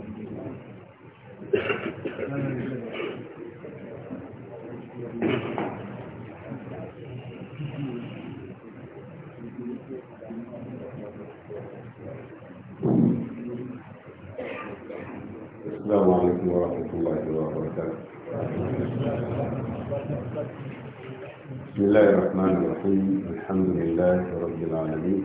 السلام عليكم ورحمة الله وبركاته بسم الله الرحمن الرحيم الحمد لله رب العالمين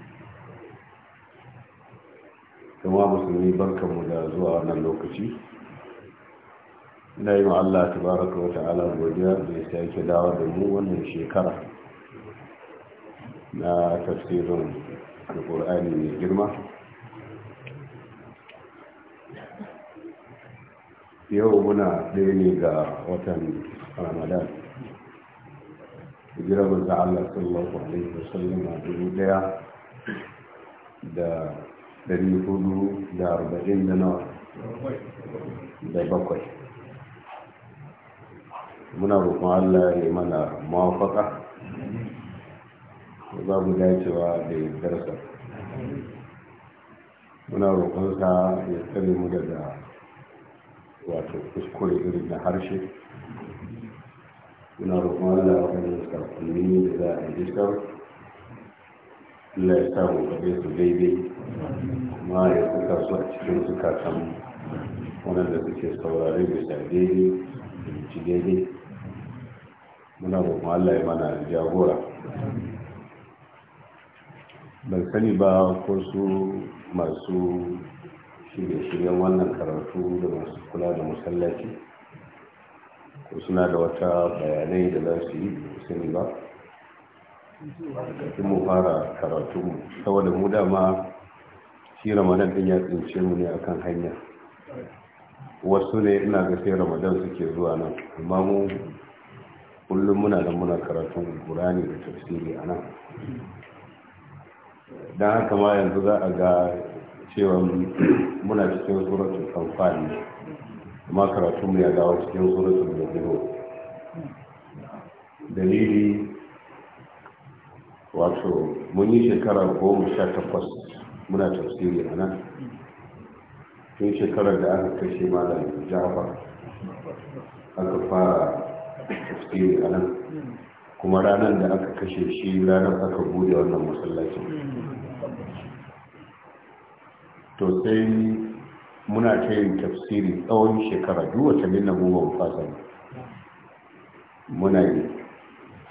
kuma musulmi barkanmu da zuwa wannan lokaci ina yi wa Allah tabaraka wa ta'ala godiya da ya sake dawo da mu wannan shekara na tafsirin alkur'ani mai girma yau muna ɗaya ne ga watan ramadan jira manzo Allah sallallahu alaihi wasallam a ɗaya da dari hudu da arba'in da nawa da bakwai muna roƙon allah ya mana mawafaka za mu dacewa da yardarsa muna roƙonsa ya tsare mu daga wato kuskure irin da harshe muna roƙon allah wani sakonni da za a yi Allah ya samu gabe su daidai kuma ya kuka su a cikin zukatan wadanda suke saurare bisa daidai ci daidai muna roƙon Allah ya mana jagora ban sani ba ko su masu shirye-shiryen wannan karatu da masu kula da masallaci ko suna da wata bayanai da za su yi sani ba kafin mu fara karatunmu saboda mu dama shi ramadan din ya tsince mu ne akan hanya wasu ne ina ga sai ramadan suke zuwa nan amma mu kullum muna da muna karatun qur'ani da tafsiri a nan don haka ma yanzu za a ga cewa muna cikin suratul kamfani amma mu ya dawo cikin suratul mu'minun dalili wato mun yi shekara goma sha takwas muna tafsiri a nan tun shekarar da aka kashe malam jafar aka fara tafsiri a nan kuma ranar da aka kashe shi ranar aka bude wannan masallacin to sai muna ta yin tafsiri tsawon shekara duk watannin nuna goma fasa muna yi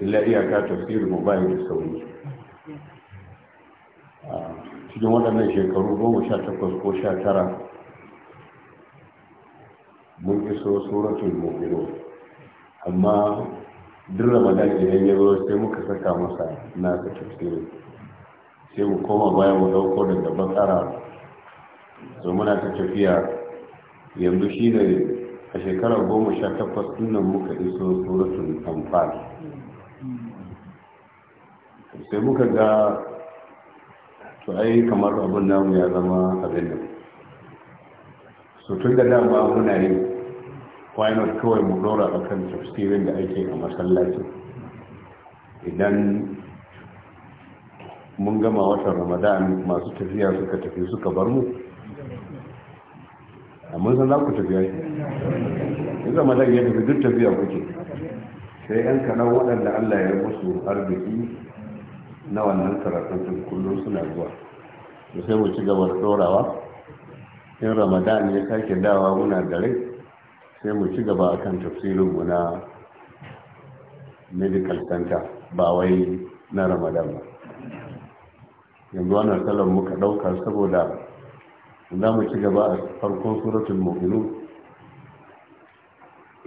illa iyaka tafsiri mu bayi da sauri cikin waɗannan shekaru goma sha takwas ko sha tara mun iso suratul mu'minun amma duk ramadan idan ya zo sai muka saka masa na nasa tafsiri sai mu koma baya mu ɗauko daga bakara so muna ta tafiya yanzu shi ne a shekarar goma sha takwas dinnan muka iso suratul anfal sai muka ga to ai kamar abin namu ya zama abin nan so tun da dama muna yi why kawai mu dora a kan tafsirin da ake a masallaci idan mun gama watan ramadan masu tafiya suka tafi suka bar mu amma san za ku tafiya shi in zama dan ya tafi duk tafiya kuke sai yan kanan waɗanda allah ya musu arziki na wannan karatun kullum suna zuwa da sai mu ci gaba da tsorawa. in ramadan ya sake dawa muna da sai mu ci gaba akan tafsirinmu na medical center ba wai na ramadan ba yanzu wannan salon muka ɗauka saboda za mu ci gaba a farkon suratul mu'minu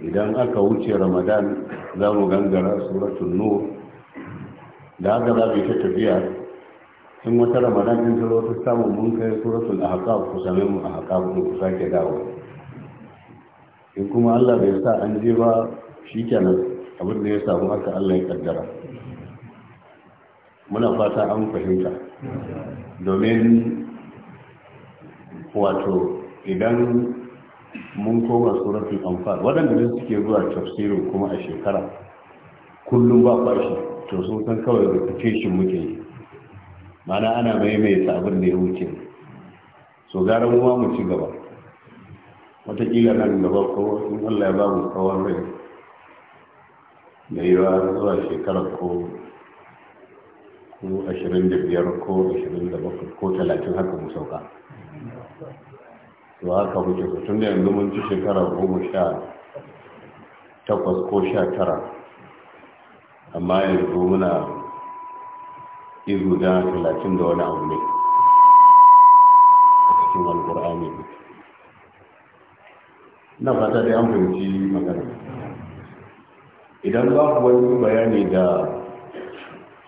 idan aka wuce ramadan za mu gangara suratul nur da haka za mu yi ta tafiya in wata ramadan din zo ta samun mun kai suratul ahqaf ku same mu ahqaf ku sake dawo in kuma Allah bai sa an je ba shikenan abin da ya samu haka Allah ya kaddara muna fata an fahimta domin wato idan mun koma suratul anfal waɗanda suke zuwa tafsirin kuma a shekara kullum ba kwashi to sun san kawai shi muke mana ana maimaita abin da ya wuce so gara mu ma mu ci gaba wataƙila nan gaba ko in Allah ya ba mu tsawon rai da yawa zuwa shekarar ko ko ashirin da biyar ko ashirin da bakwai ko talatin haka mu sauka to haka muke tun da yanzu mun ci shekara goma sha takwas ko sha tara amma yanzu muna izu da talatin da wani abu ne a cikin alkur'ani na fata dai an fahimci magana idan babu wani bayani da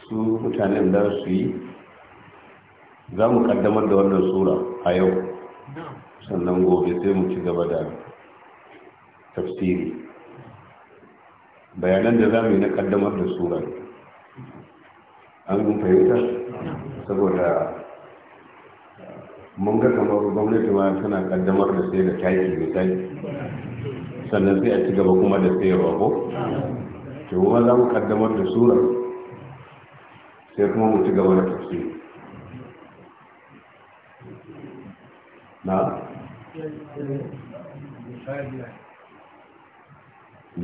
su mutanen da su yi za mu kaddamar da wannan sura a yau sannan gobe sai mu ci gaba da tafsiri bayanan da za mu yi na kaddamar da sura an yi fahimta saboda mun ga kamar gwamnati ma tana kaddamar da sai da taki mai taki sannan sai a ci gaba kuma da ya ko to kuma za mu kaddamar da sura sai kuma mu ci gaba da tafsiri na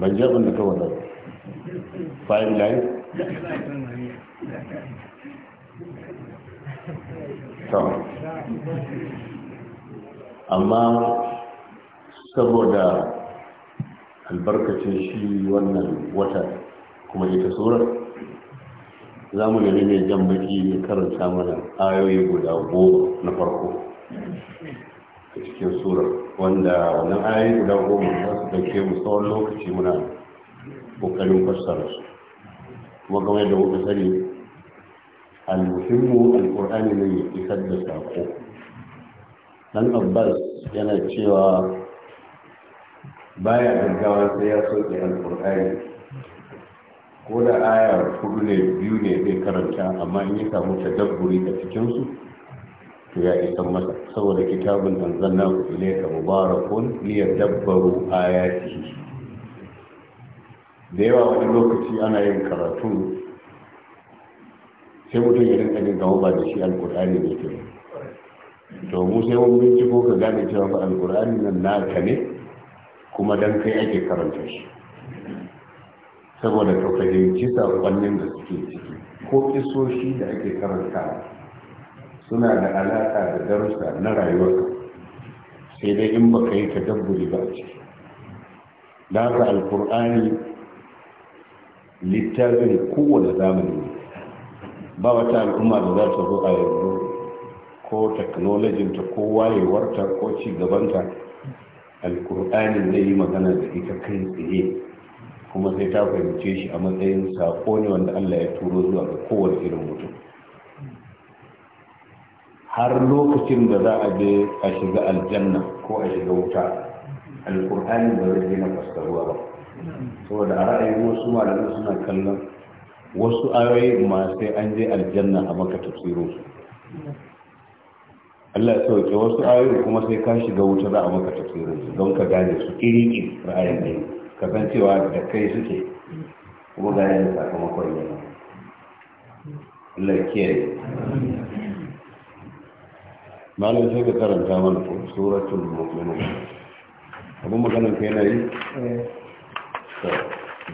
ban ji abin da ka wata five lines to amma saboda albarkacin shi wannan wata kuma ita surar za mu nemi mai jan baki karanta mana ayoyi guda goma na farko a cikin sura wanda wannan ayi guda goma za su dauke mu tsawon lokaci muna kokarin fassara su kuma kamar yadda kuka sani al-muhimmu al-qur'ani ne ya isar da sako dan abbas yana cewa baya gaggawa sai ya soke al-qur'ani ko da aya hudu ne biyu ne zai karanta amma in ya samu tadabburi a cikinsu ya isan masa saboda kitabun anzalna ku ka mubarakun dabbaru ayati da yawa wani lokaci ana yin karatu sai mutum ya rinka jin ba da shi alkur'ani ne ke to mu sai mun binciko ka gane cewa ba alkur'ani nan na ka ne kuma dan kai ake karanta shi saboda ka fahimci sakonnin da suke ciki ko kisoshi da ake karanta. suna da alaka da darussa na rayuwarka sai dai in baka yi tadabburi ba a ce da haka alkur'ani littafin kowane zamani ba wata al'umma da za ta zo a yanzu ko teknolojinta ko wayewarta ko ci gabanta alkur'ani zai yi magana da ita kai tsaye kuma sai ta fahimce shi a matsayin saƙo ne wanda allah ya turo zuwa ga kowane irin mutum har lokacin da za a je a shiga aljanna ko a shiga wuta alkur'ani ba zai gina fassarwa ba saboda a ra'ayin wasu malamai suna kallon wasu ayoyi ma sai an je aljanna a maka tafsiro su Allah ya sauke wasu ayoyi kuma sai ka shiga wuta za a maka tafsiro su don ka gane su iri iri ra'ayin ne ka san cewa da kai suke kuma gane sakamakon yana Allah ya kiyaye malam sai ka karanta mana سورة suratul mu'minun abun maganar إيه طيب،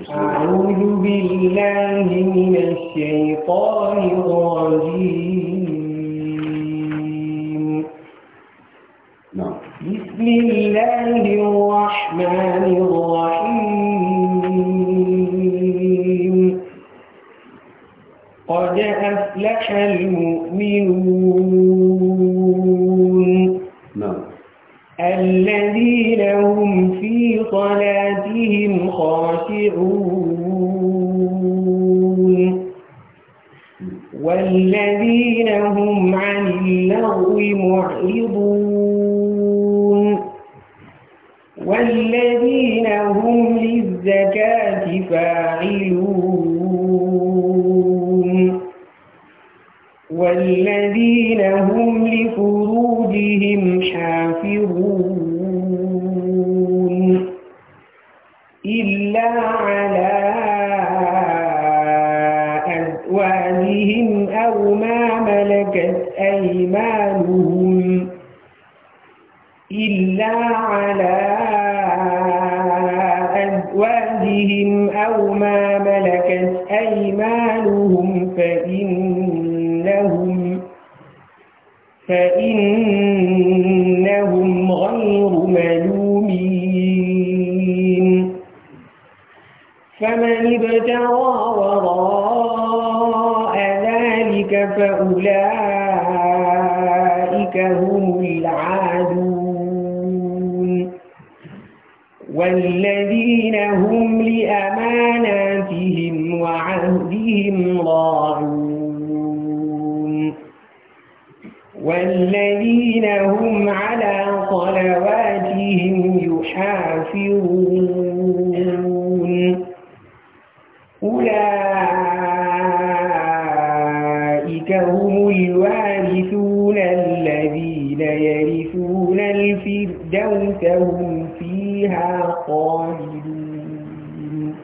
أعوذ بالله من الشيطان الرجيم نعم بسم الله الرحمن الرحيم قد أفلح المؤمنون وأطيعوا أولئك هم الوارثون الذين يرثون الفردوس هم فيها خالدون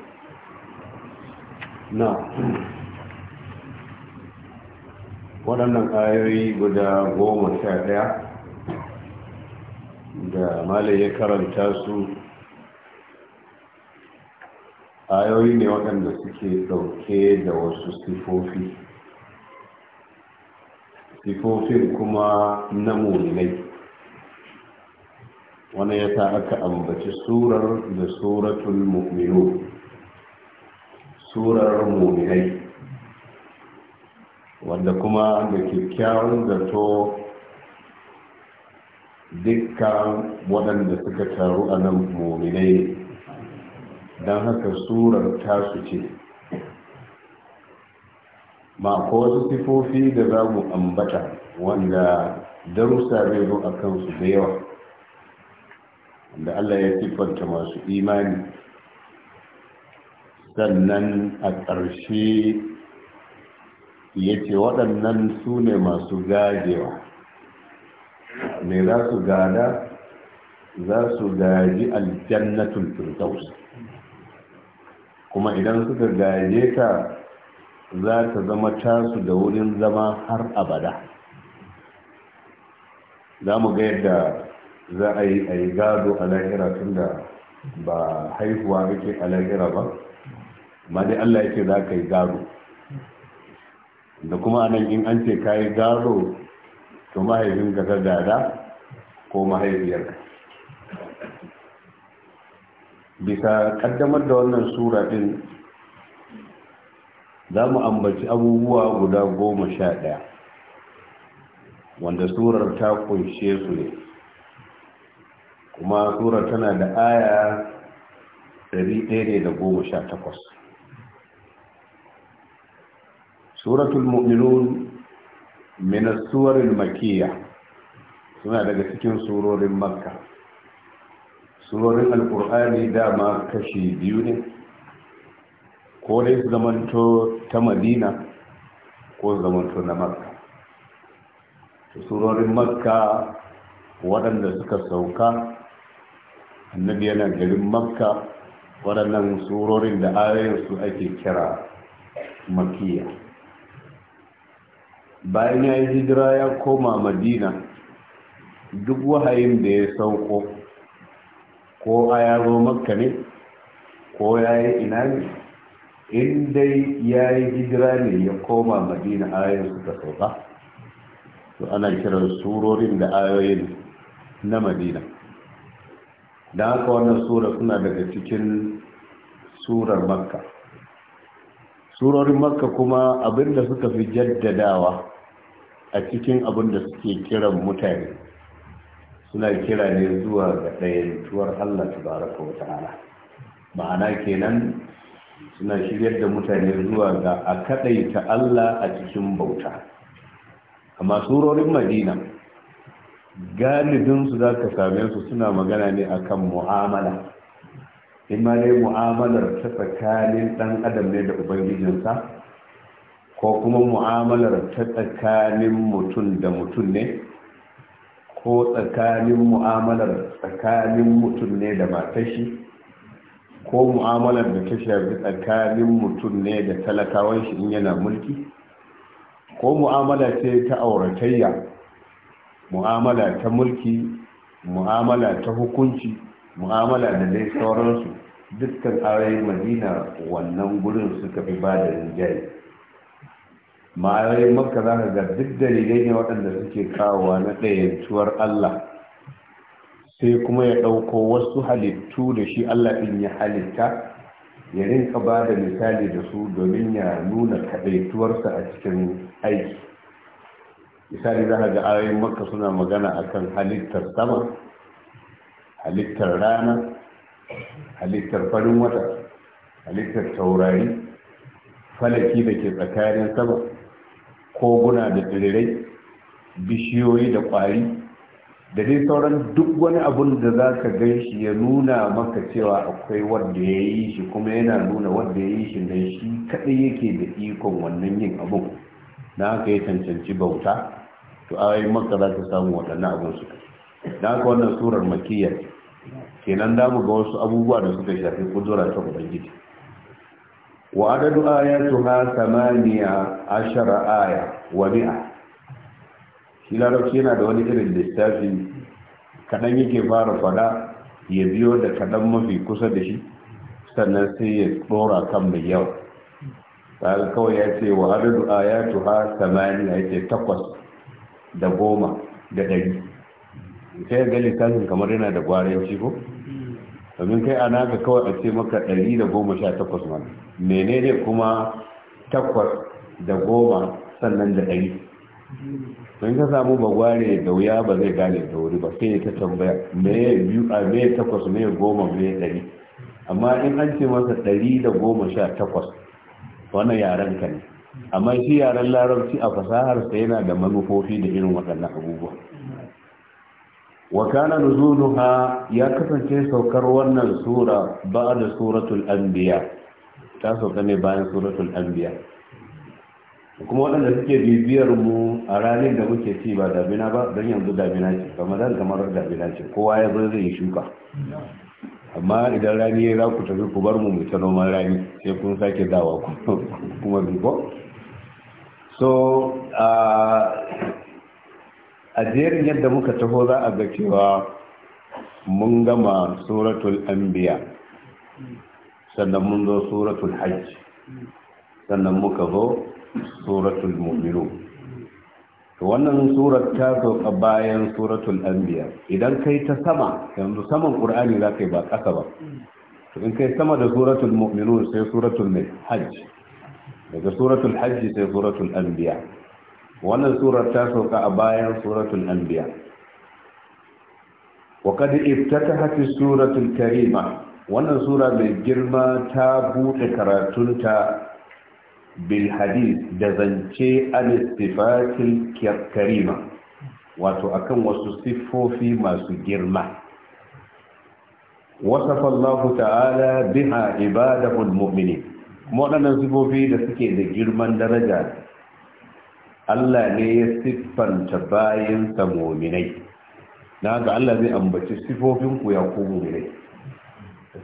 نعم waɗannan ayoyi guda goma sha ɗaya da malai ya karanta su ayoyi ne waɗanda suke ɗauke da wasu sifofi sifofin kuma na muminai wani ya sa aka ambaci surar da suratun mu'minu surar muminai wanda kuma da kyakkyawan zato dukkan waɗanda suka taru a nan mulmai don haka surar tasu ce ma ko wasu sifofi da za mu ambata wanda darussa zai zo a kansu da yawa wanda Allah ya siffanta masu imani sannan a ƙarshe ya ce waɗannan su ne masu gajewa mai za su gada za su gaji aljannatul firdaus kuma idan suka gaje ta za ta zama tasu da wurin zama har abada za mu ga yadda za a yi a yi gado a lahira tun da ba haihuwa yake a lahira ba ma dai allah yake za ka yi gado da kuma anan in an ce ka yi gado to mahaifin ka ta dada ko mahaifiyarka bisa kaddamar da wannan sura din za mu ambaci abubuwa guda goma sha ɗaya wanda surar ta kunshe su ne kuma surar tana da aya ɗari ɗaya da goma sha takwas suratul mu'minun min suwarin suna daga cikin surorin makka surorin alƙur'ani dama kashi biyu ne ko dai su zamanto ta madina ko su zamanto na makka surorin makka waɗanda suka sauka annabi yana garin makka waɗannan surorin da su ake kira makiya bayan ya yi hijira ya koma madina duk wahayin da ya sauko ko a ya makka ne ko ya yi ina ne in dai ya yi hijira ne ya koma madina ayoyin suka sauka to ana kiran surorin da ayoyin na madina da haka wannan sura suna daga cikin surar makka surorin makka kuma abinda suka fi jaddadawa a cikin abinda suke kiran mutane suna kira ne zuwa ga ɗayantuwar allah ta baraka wata ma'ana kenan suna shiryar da mutane zuwa ga a ta Allah a cikin bauta amma surorin madina galibinsu za ka same su suna magana ne akan mu'amala in ne mu'amalar ta tsakanin ɗan adam ne da ubangijinsa ko kuma mu'amalar ta tsakanin mutum da mutum ne ko tsakanin mu'amalar tsakanin mutum ne da matashi ko mu'amalar da ta shafi tsakanin mutum ne da talakawan shi in yana mulki ko mu'amala ce ta auratayya mu'amala ta mulki mu'amala ta hukunci mu'amala da dai sauransu dukkan ayoyin madina wannan gurin suka fi ba da rinjaye ma'ayoyin makka za ka ga duk dalilai ne waɗanda suke kawowa na ɗayantuwar allah sai kuma ya ɗauko wasu halittu da shi Allah in ya halitta ya rinka ba da misali da su domin ya nuna kaɗaituwarsa a cikin aiki misali za ga ayoyin makka suna magana akan halittar sama halittar rana halittar farin wata halittar taurari falaki da ke tsakanin sama koguna da tsirrai bishiyoyi da ƙwari da dai sauran duk wani abun da za ka gan shi ya nuna maka cewa akwai wanda ya yi shi kuma yana nuna wanda ya yi shi nan shi kaɗai yake da ikon wannan yin abu. na haka ya cancanci bauta to a yi maka za ka samu waɗannan abun su na haka wannan surar makiyar, kenan damu ga wasu abubuwa da suka shafi kudura ta ubangiji wa adadu ayatuha samaniya ashara aya wa mi'a shi larabci yana da wani irin lissafi kaɗan yake fara faɗa ya biyo da kaɗan mafi kusa da shi sannan sai ya ɗora kan mai yawa ta kawai ya ce wa adadu ya tuha samani ya ce takwas da goma da ɗari sai ga littafin kamar yana da gwarin shi ko domin kai ana ga kawai a ce maka ɗari da goma sha takwas mana menene kuma takwas da goma sannan da ɗari in ka samu bagware da wuya ba zai gane da wuri ba sai ta tambaya me biyu a me takwas me goma me ɗari amma in an ce masa ɗari da goma sha takwas wannan yaren ka ne amma shi yaren larabci a fasahar sa yana da manufofi da irin waɗannan abubuwa wakana nuzuluha ya kasance saukar wannan sura ba da suratul anbiya ta sauka ne bayan suratul anbiya kuma waɗanda suke bibiyar mu a ranar da muke ci ba damina ba don yanzu damina ce kamar zan kamar damina ce kowa ya zo zai shuka amma idan rani ya za ku tafi ku bar mu mu ta noman rani sai kun sake dawa kuma biko so a jerin yadda muka taho za a ga cewa mun gama suratul anbiya sannan mun zo suratul hajji sannan muka zo suratul mu'minun to wannan surar ta sauka bayan suratul anbiya idan kai ta sama yanzu saman qur'ani za kai ba ƙasa ba to in kai sama da suratul mu'minun sai suratul hajj daga suratul hajj sai suratul anbiya wannan surar ta sauka a bayan suratul anbiya وقد افتتحت السورة الكريمة wannan sura mai girma ta buɗe karatunta bilhadis da zance al-sifatil karima wato akan wasu siffofi masu girma wasafa Allah ta'ala biha ibadahul mu'minin waɗannan siffofi da suke da girman daraja Allah ne ya siffanta bayan sa mu'minai na ga Allah zai ambaci siffofin ku ya ku mu'minai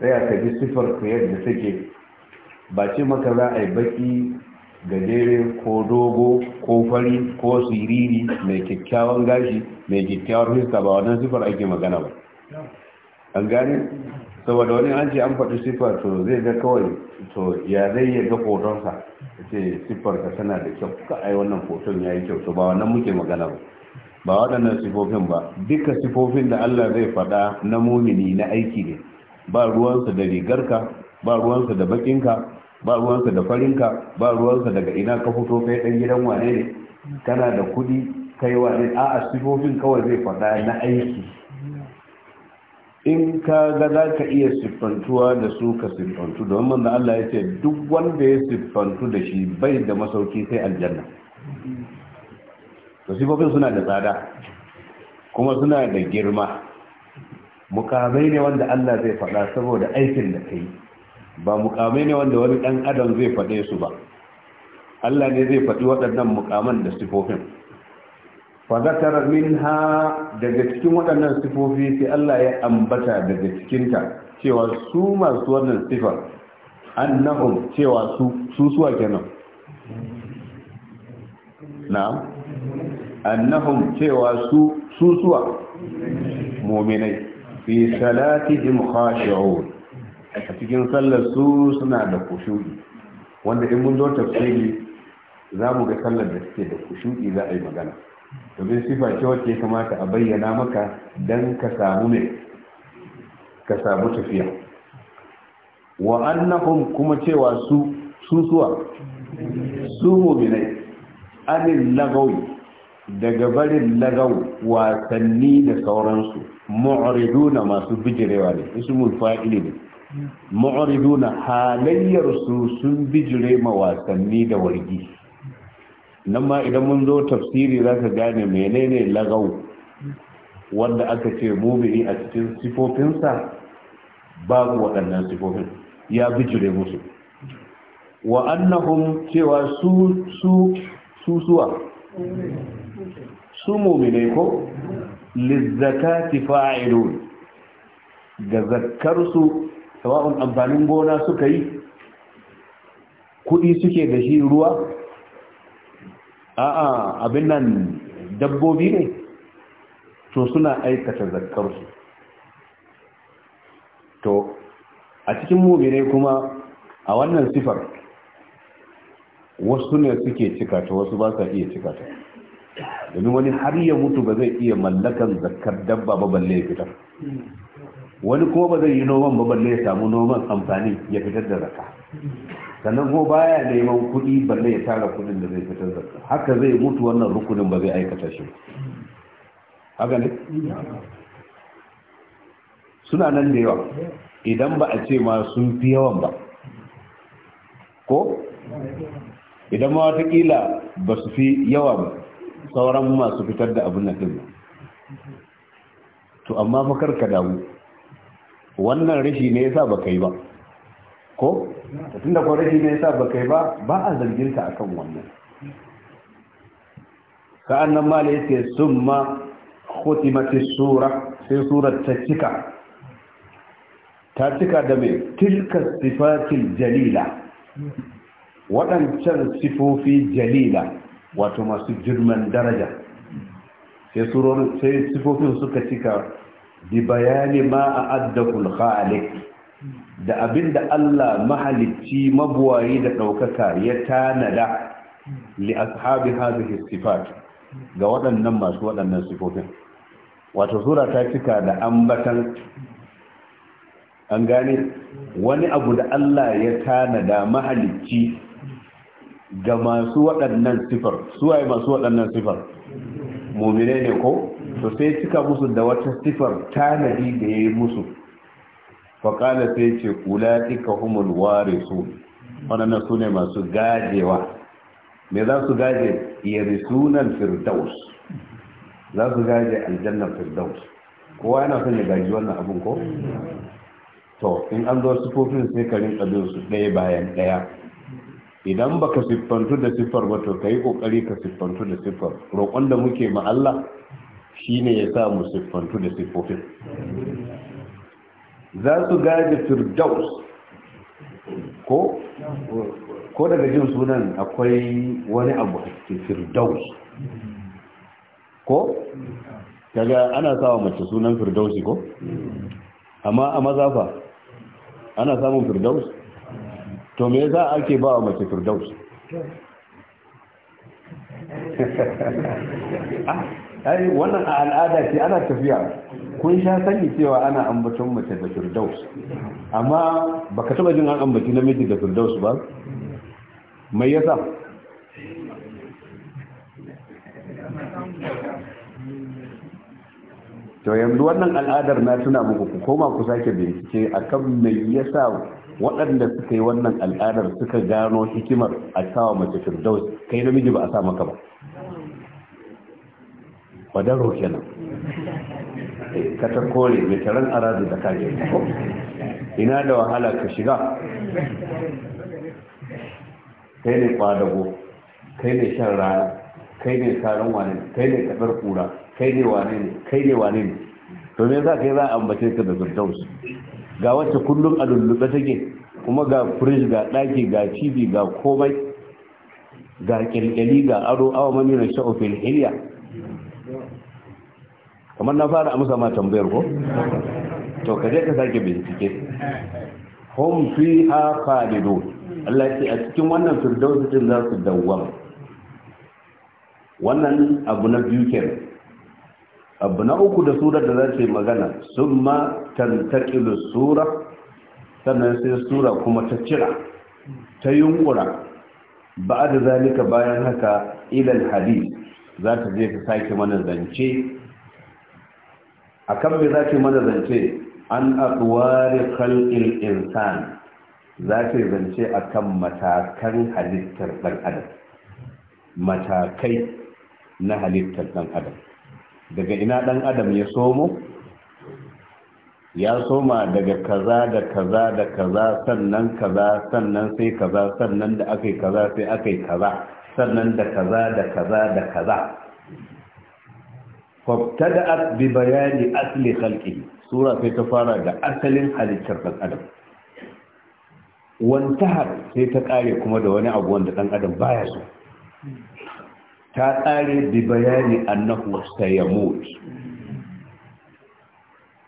sai ka ji siffar ku yadda take ba ce maka za a yi baki gajere ko dogo ko fari ko siriri mai kyakkyawan gashi mai kyakkyawar fista. ba wannan sifar ake magana ba an gane saboda wani an ce an faɗi siffar to zai ga kawai to ya zai yi ga hotonsa ce siffar ka tana da kyau ka ai wannan hoton ya yi kyau to ba wannan muke magana ba ba waɗannan sifofin ba duka sifofin da Allah zai faɗa na mumini na aiki ne ba ruwansa da rigarka ba ruwansa da bakinka ba ruwansa da farinka ba ruwansa daga ina ka fito kai dan gidan wane ne kana da kudi kai wane a'a sifofin kawai zai faɗa na aiki in ka ga za ka iya siffantuwa da su ka siffantu don da Allah ya ce duk wanda ya siffantu da shi bai da masauki sai aljanna to sifofin suna da tsada kuma suna da girma mukamai ne wanda Allah zai faɗa saboda aikin da ka yi ba mukamai ne wanda wani ɗan adam zai faɗe su ba Allah ne zai faɗi waɗannan mukaman da sifofin fa min minha daga cikin waɗannan sifofi sai Allah ya ambata daga cikin ta cewa su masu wannan sifar annahum cewa su su suwa kenan na'am annahum cewa su su suwa mu'minai fi salatihim khashi'un a cikin sallar su suna da shuɗi, wanda in mun zo tafsiri za mu ga sallar da suke da shuɗi za a yi magana domin sifa ce wacce ya kamata a bayyana maka don ka samu ne ka samu tafiya wa annahum kuma cewa su susuwa su muminai anil lagawi daga barin lagaw wasanni da sauransu mu'riduna masu bijirewa ne ismul fa'ili ne mu'riduna halayyar su sun bijire ma wasanni da wargi nan ma idan mun zo tafsiri zaka gane menene lagau wanda aka ce mumini a cikin sifofinsa babu waɗannan sifofin ya bijire musu wa annahum cewa su su su mumine ko lizzakati fa'ilun da zakkarsu sawa'un amfanin gona suka yi kuɗi suke da shi ruwa a'a abin nan dabbobi ne to suna aikata zakkarsu to a cikin ne kuma a wannan sifar wasu ne suke cikata wasu ba sa iya cikata domin wani har ya mutu ba zai iya mallakan zakkar dabba ba balle ya fitar wani kuma ba zai yi noman ba balle ya samu noman amfani ya fitar da zaka sannan kuma baya neman kuɗi balle ya tara kuɗin da zai fitar da haka zai mutu wannan rukunin ba zai aikata shi haka ne suna nan da yawa idan ba a ce ma sun fi yawan ba ko idan ma watakila ba su fi yawa ba sauran masu fitar da abin nan din to amma fa ka damu wannan rashi ne yasa baka yi ba ko tunda ko rashi ne yasa baka yi ba ba a zargin ka akan wannan nan mala yace summa khutimat sura sai surar ta cika ta cika da mai tilka sifatil jalila waɗancan sifofi jalila wato masu girman daraja sai sifofin suka cika bi bayani ma a addakul khalik da abinda Allah mahalicci mabuwayi da ɗaukaka ya tanada li ashabi hadhihi sifat ga waɗannan masu waɗannan sifofin wato sura ta cika da ambatan an gane wani abu da Allah ya tanada mahalicci ga masu waɗannan sifar suwaye masu waɗannan sifar mumine ne ko to sai cika musu da wata sifar tanadi da ya yi musu faƙala sai ce kula ɗika humul ware su waɗannan su ne masu gajewa me za su gaje risunan firdaus za su gaje aljannar firdaus kowa yana son ya gaji wannan abin ko to in an zo sufofin sai ka rinka bin su ɗaya bayan ɗaya idan baka siffantu da siffar ba to ka yi ƙoƙari ka siffantu da siffar roƙon da muke ma Allah Shi ne ya sa mu siffantu da siffofin za su gaji firdaus ko ko daga jin sunan akwai wani abu a cikin firdaus ko kaga ana sawa mace sunan firdausi ko amma a mazafa ana samun firdaus to me yasa ake ba wa mace firdaus ah, ai wannan a al'ada ce ana tafiya kun sha sani cewa ana ambaton mace da firdaus amma baka taba jin an ambaci namiji da firdaus ba mai yasa to yanzu wannan al'adar na tuna muku ku koma ku sake bincike akan mai yasa waɗanda suka yi wannan al'adar suka gano hikimar a sawa mace firdaus kai namiji ba a sa maka ba badarro kenan eh, katar kore mai taron arazi da kare ina da wahala ka shiga kai ne kwadago kai ne shan rana kai ne karan wane ne kai ne kadar kura kai ne wane ne kai ne wane ne to me ka kai za a ambace ka da firdaus ga wacce kullum a lullube take kuma ga fridge ga daki ga cibi ga komai ga kirkiri ga aro awa mani na sha'ofin hiliya kamar na fara amsa ma tambayar ko to ka ka sake bincike hum fiha qalidu Allah ya ce a cikin wannan firdausi din za su dawwam wannan abu na biyu abu na uku da surar da za ta yi magana sun ma tantakilu sura sannan sai sura kuma ta cira ta yunkura ba da zalika bayan haka ilal hadis za ta je ta sake mana zance akan me zaki mana zance an aqwari khalqil insan zaki zance akan matakan halittar dan adam matakai na halittar dan adam daga ina dan adam ya somo ya soma daga kaza da kaza da kaza sannan kaza sannan sai kaza sannan da aka kaza sai aka kaza sannan da kaza da kaza da kaza fabtada'at bi bayani asli khalqihi sura sai ta fara da asalin halittar dan adam wantahar sai ta kare kuma da wani abu wanda dan adam baya so ta kare bi bayani annahu sayamut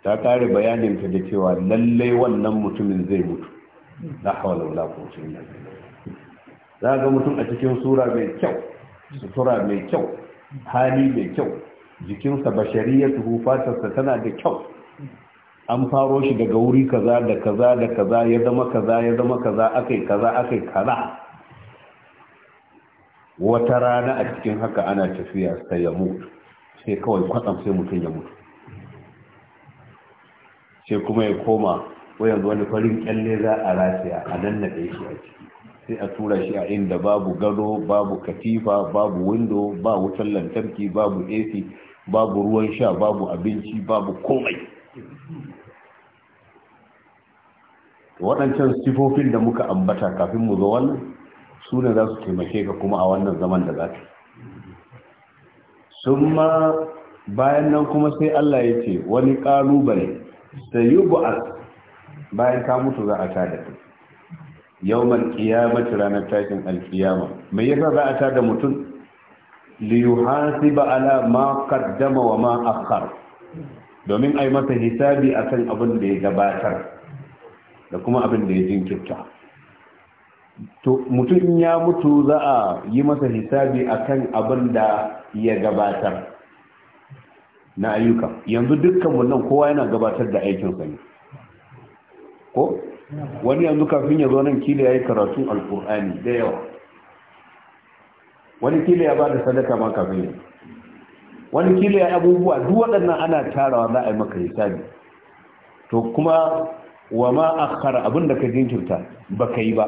ta kare bayanin ta da cewa lallai wannan mutumin zai mutu la hawla wala quwwata illa ga mutum a cikin sura mai kyau sutura mai kyau hali mai kyau jikinsa bashariyatuhu fatarsa tana da kyau an faro shi daga wuri kaza da kaza da kaza ya zama kaza ya zama kaza akai kaza akai kaza wata rana a cikin haka ana tafiya sai ya mutu sai kawai kwatsam sai mutum ya mutu sai kuma ya koma ko yanzu wani farin kyalle za a rataya a nan na ɗaya shi a ciki sai a tura shi a inda babu gado babu katifa babu windo ba wutar lantarki babu ac babu ruwan sha babu abinci babu komai waɗancan sifofin da muka ambata kafin mu zo wannan su ne za su taimake ka kuma a wannan zaman da za ka sun ma bayan nan kuma sai Allah ya ce wani ƙalubale sai yi bayan ka mutu za a tada kai yawman ƙiyamata ranar takin alƙiyama mai yasa za a ta da mutum liyuhasiba ala ma qaddama wa ma akhar domin ai masa hisabi akan abin da ya gabatar da kuma abin da ya jinkirta to mutum ya mutu za a yi masa hisabi akan abin da ya gabatar na ayyuka yanzu dukkan nan kowa yana gabatar da aikinsa ne ko wani yanzu kafin ya zo nan kila ya yi karatun alkur'ani da yawa wani kila ya ba da sadaka ma kafin yi wani kila ya abubuwa duk waɗannan ana tarawa za a yi maka hisabi to kuma wa ma akhara abin da ka jinkirta ba ka yi ba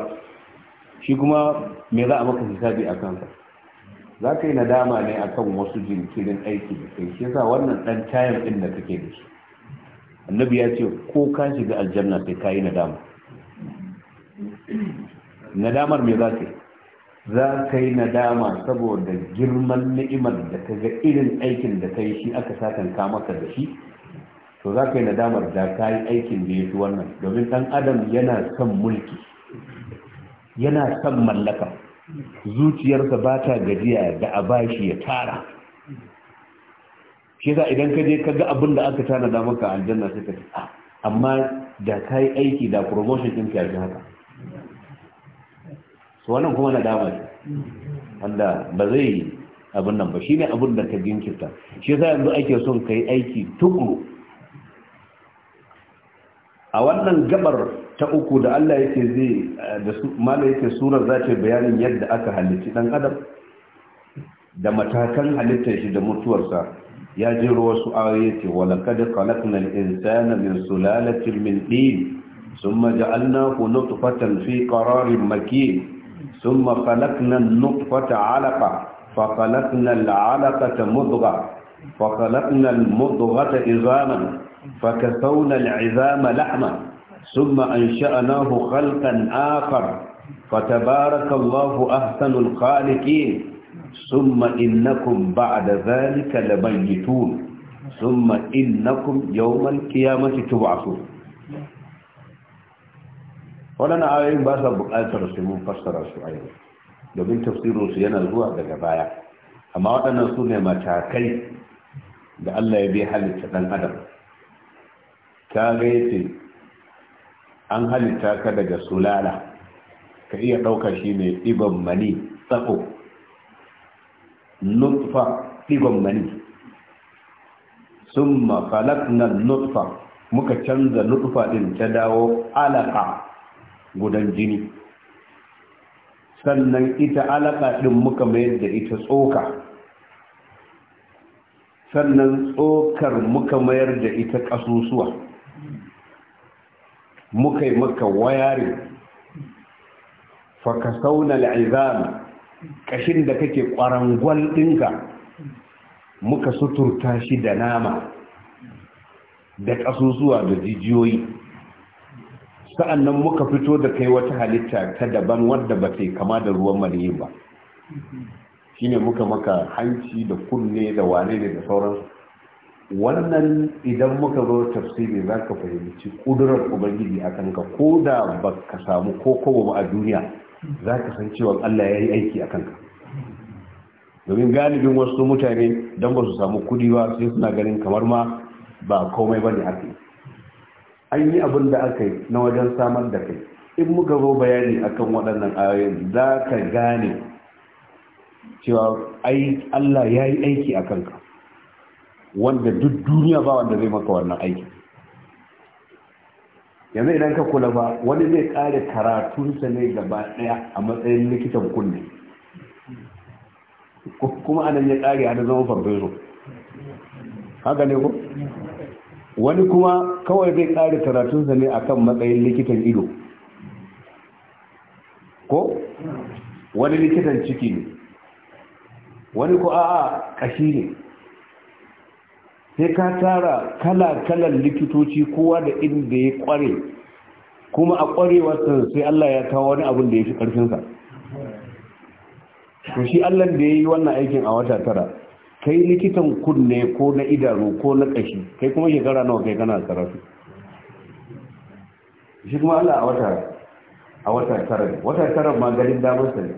shi kuma me za a maka hisabi a kansa za ka yi nadama ne a kan wasu jinkirin aiki da kai shi yasa wannan ɗan tayin ɗin da kake da shi annabi ya ce ko ka shiga aljanna sai ka yi nadama nadamar me za ka yi za ka yi nadama saboda girman ni'imar da ka ga irin aikin da ka yi shi aka satan ka maka da shi to za ka yi nadamar da ka yi aikin da ya fi wannan domin ɗan adam yana son mulki yana son mallaka zuciyarsa ba ta gajiya da a ba shi ya tara shi za idan ka je ka ga abin da aka tanada maka aljanna sai ka ah, amma da ka yi aiki da promotion ɗin ka haka su wannan kuma na dama ne wanda ba zai yi abin nan ba shi ne abin da ka jinkirta shi yasa yanzu ake son ka yi aiki tukuru a wannan gabar ta uku da Allah yake zai da mala yake sura za ta bayanin yadda aka halitta dan adam da matakan halittar shi da mutuwarsa ya jiro wasu ayoyi ce walaqad al insana min sulalatin min tin ثم جعلناه نطفة في قرار مكين ثم خلقنا النطفة علقة فخلقنا العلقة مضغة فخلقنا المضغة عظاما فكسونا العظام لحما ثم أنشأناه خلقا آخر فتبارك الله أحسن الخالقين ثم إنكم بعد ذلك لميتون ثم إنكم يوم القيامة تبعثون waɗannan ayoyin ba sa buƙatar su mun fassara su a yau domin tafsirinsu yana zuwa daga baya amma waɗannan su ne matakai da Allah ya bi halitta ɗan adam ta ga an halitta ka daga sulala ka iya ɗauka shi mai ɗiban mani tsako nutfa ɗiban mani summa makalaknan nutfa muka canza nutfa din ta dawo alaƙa gudan jini sannan ita alaƙa ɗin muka mayar da ita tsoka sannan tsokar muka mayar da ita ƙasusuwa muka yi maka wayarin sauna al'izami ƙashin da kake ƙwarangwal ɗinka muka suturta shi da nama da ƙasusuwa da jijiyoyi sa'annan muka fito da kai wata halitta ta daban wadda ba ta kama da ruwan maniyi ba Shi ne muka maka hanci da kunne da wane ne da sauran wannan idan muka zo tafsiri za ka fahimci kudurar ubangiji a kanka ko da ba ka samu ko kowa a duniya za ka san cewa allah ya yi aiki a kanka domin galibin wasu mutane don ba su samu kudi ba sai suna ganin kamar ma ba komai ba ne haka an yi abin da aka yi na wajen samar da kai in muka zo bayani akan waɗannan ayoyin za ka gane cewa Allah ya yi aiki a kanka wanda duk duniya ba wanda zai maka wannan aiki yanzu idan ka kula ba wani zai kare karatunsa ne gaba ɗaya a matsayin likitan kunne kuma anan ya kare da zama farfeso haka ne ko wani kuma kawai zai ƙari karatunsa ne akan matsayin likitan ido ko wani likitan ciki ne wani ko a'a ƙashi ne sai ka tara kala-kalan likitoci kowa da inda ya kware kuma a kwarewarsa sai Allah ya kawo wani abin da ya fi ƙarfinsa to shi Allah da ya yi wannan aikin a wata tara kai likitan kunne ko na idanu ko na ƙashi kai kuma shekara nawa kai kana karatu shi kuma Allah a wata a wata tara ne wata tara ma garin damar sa ne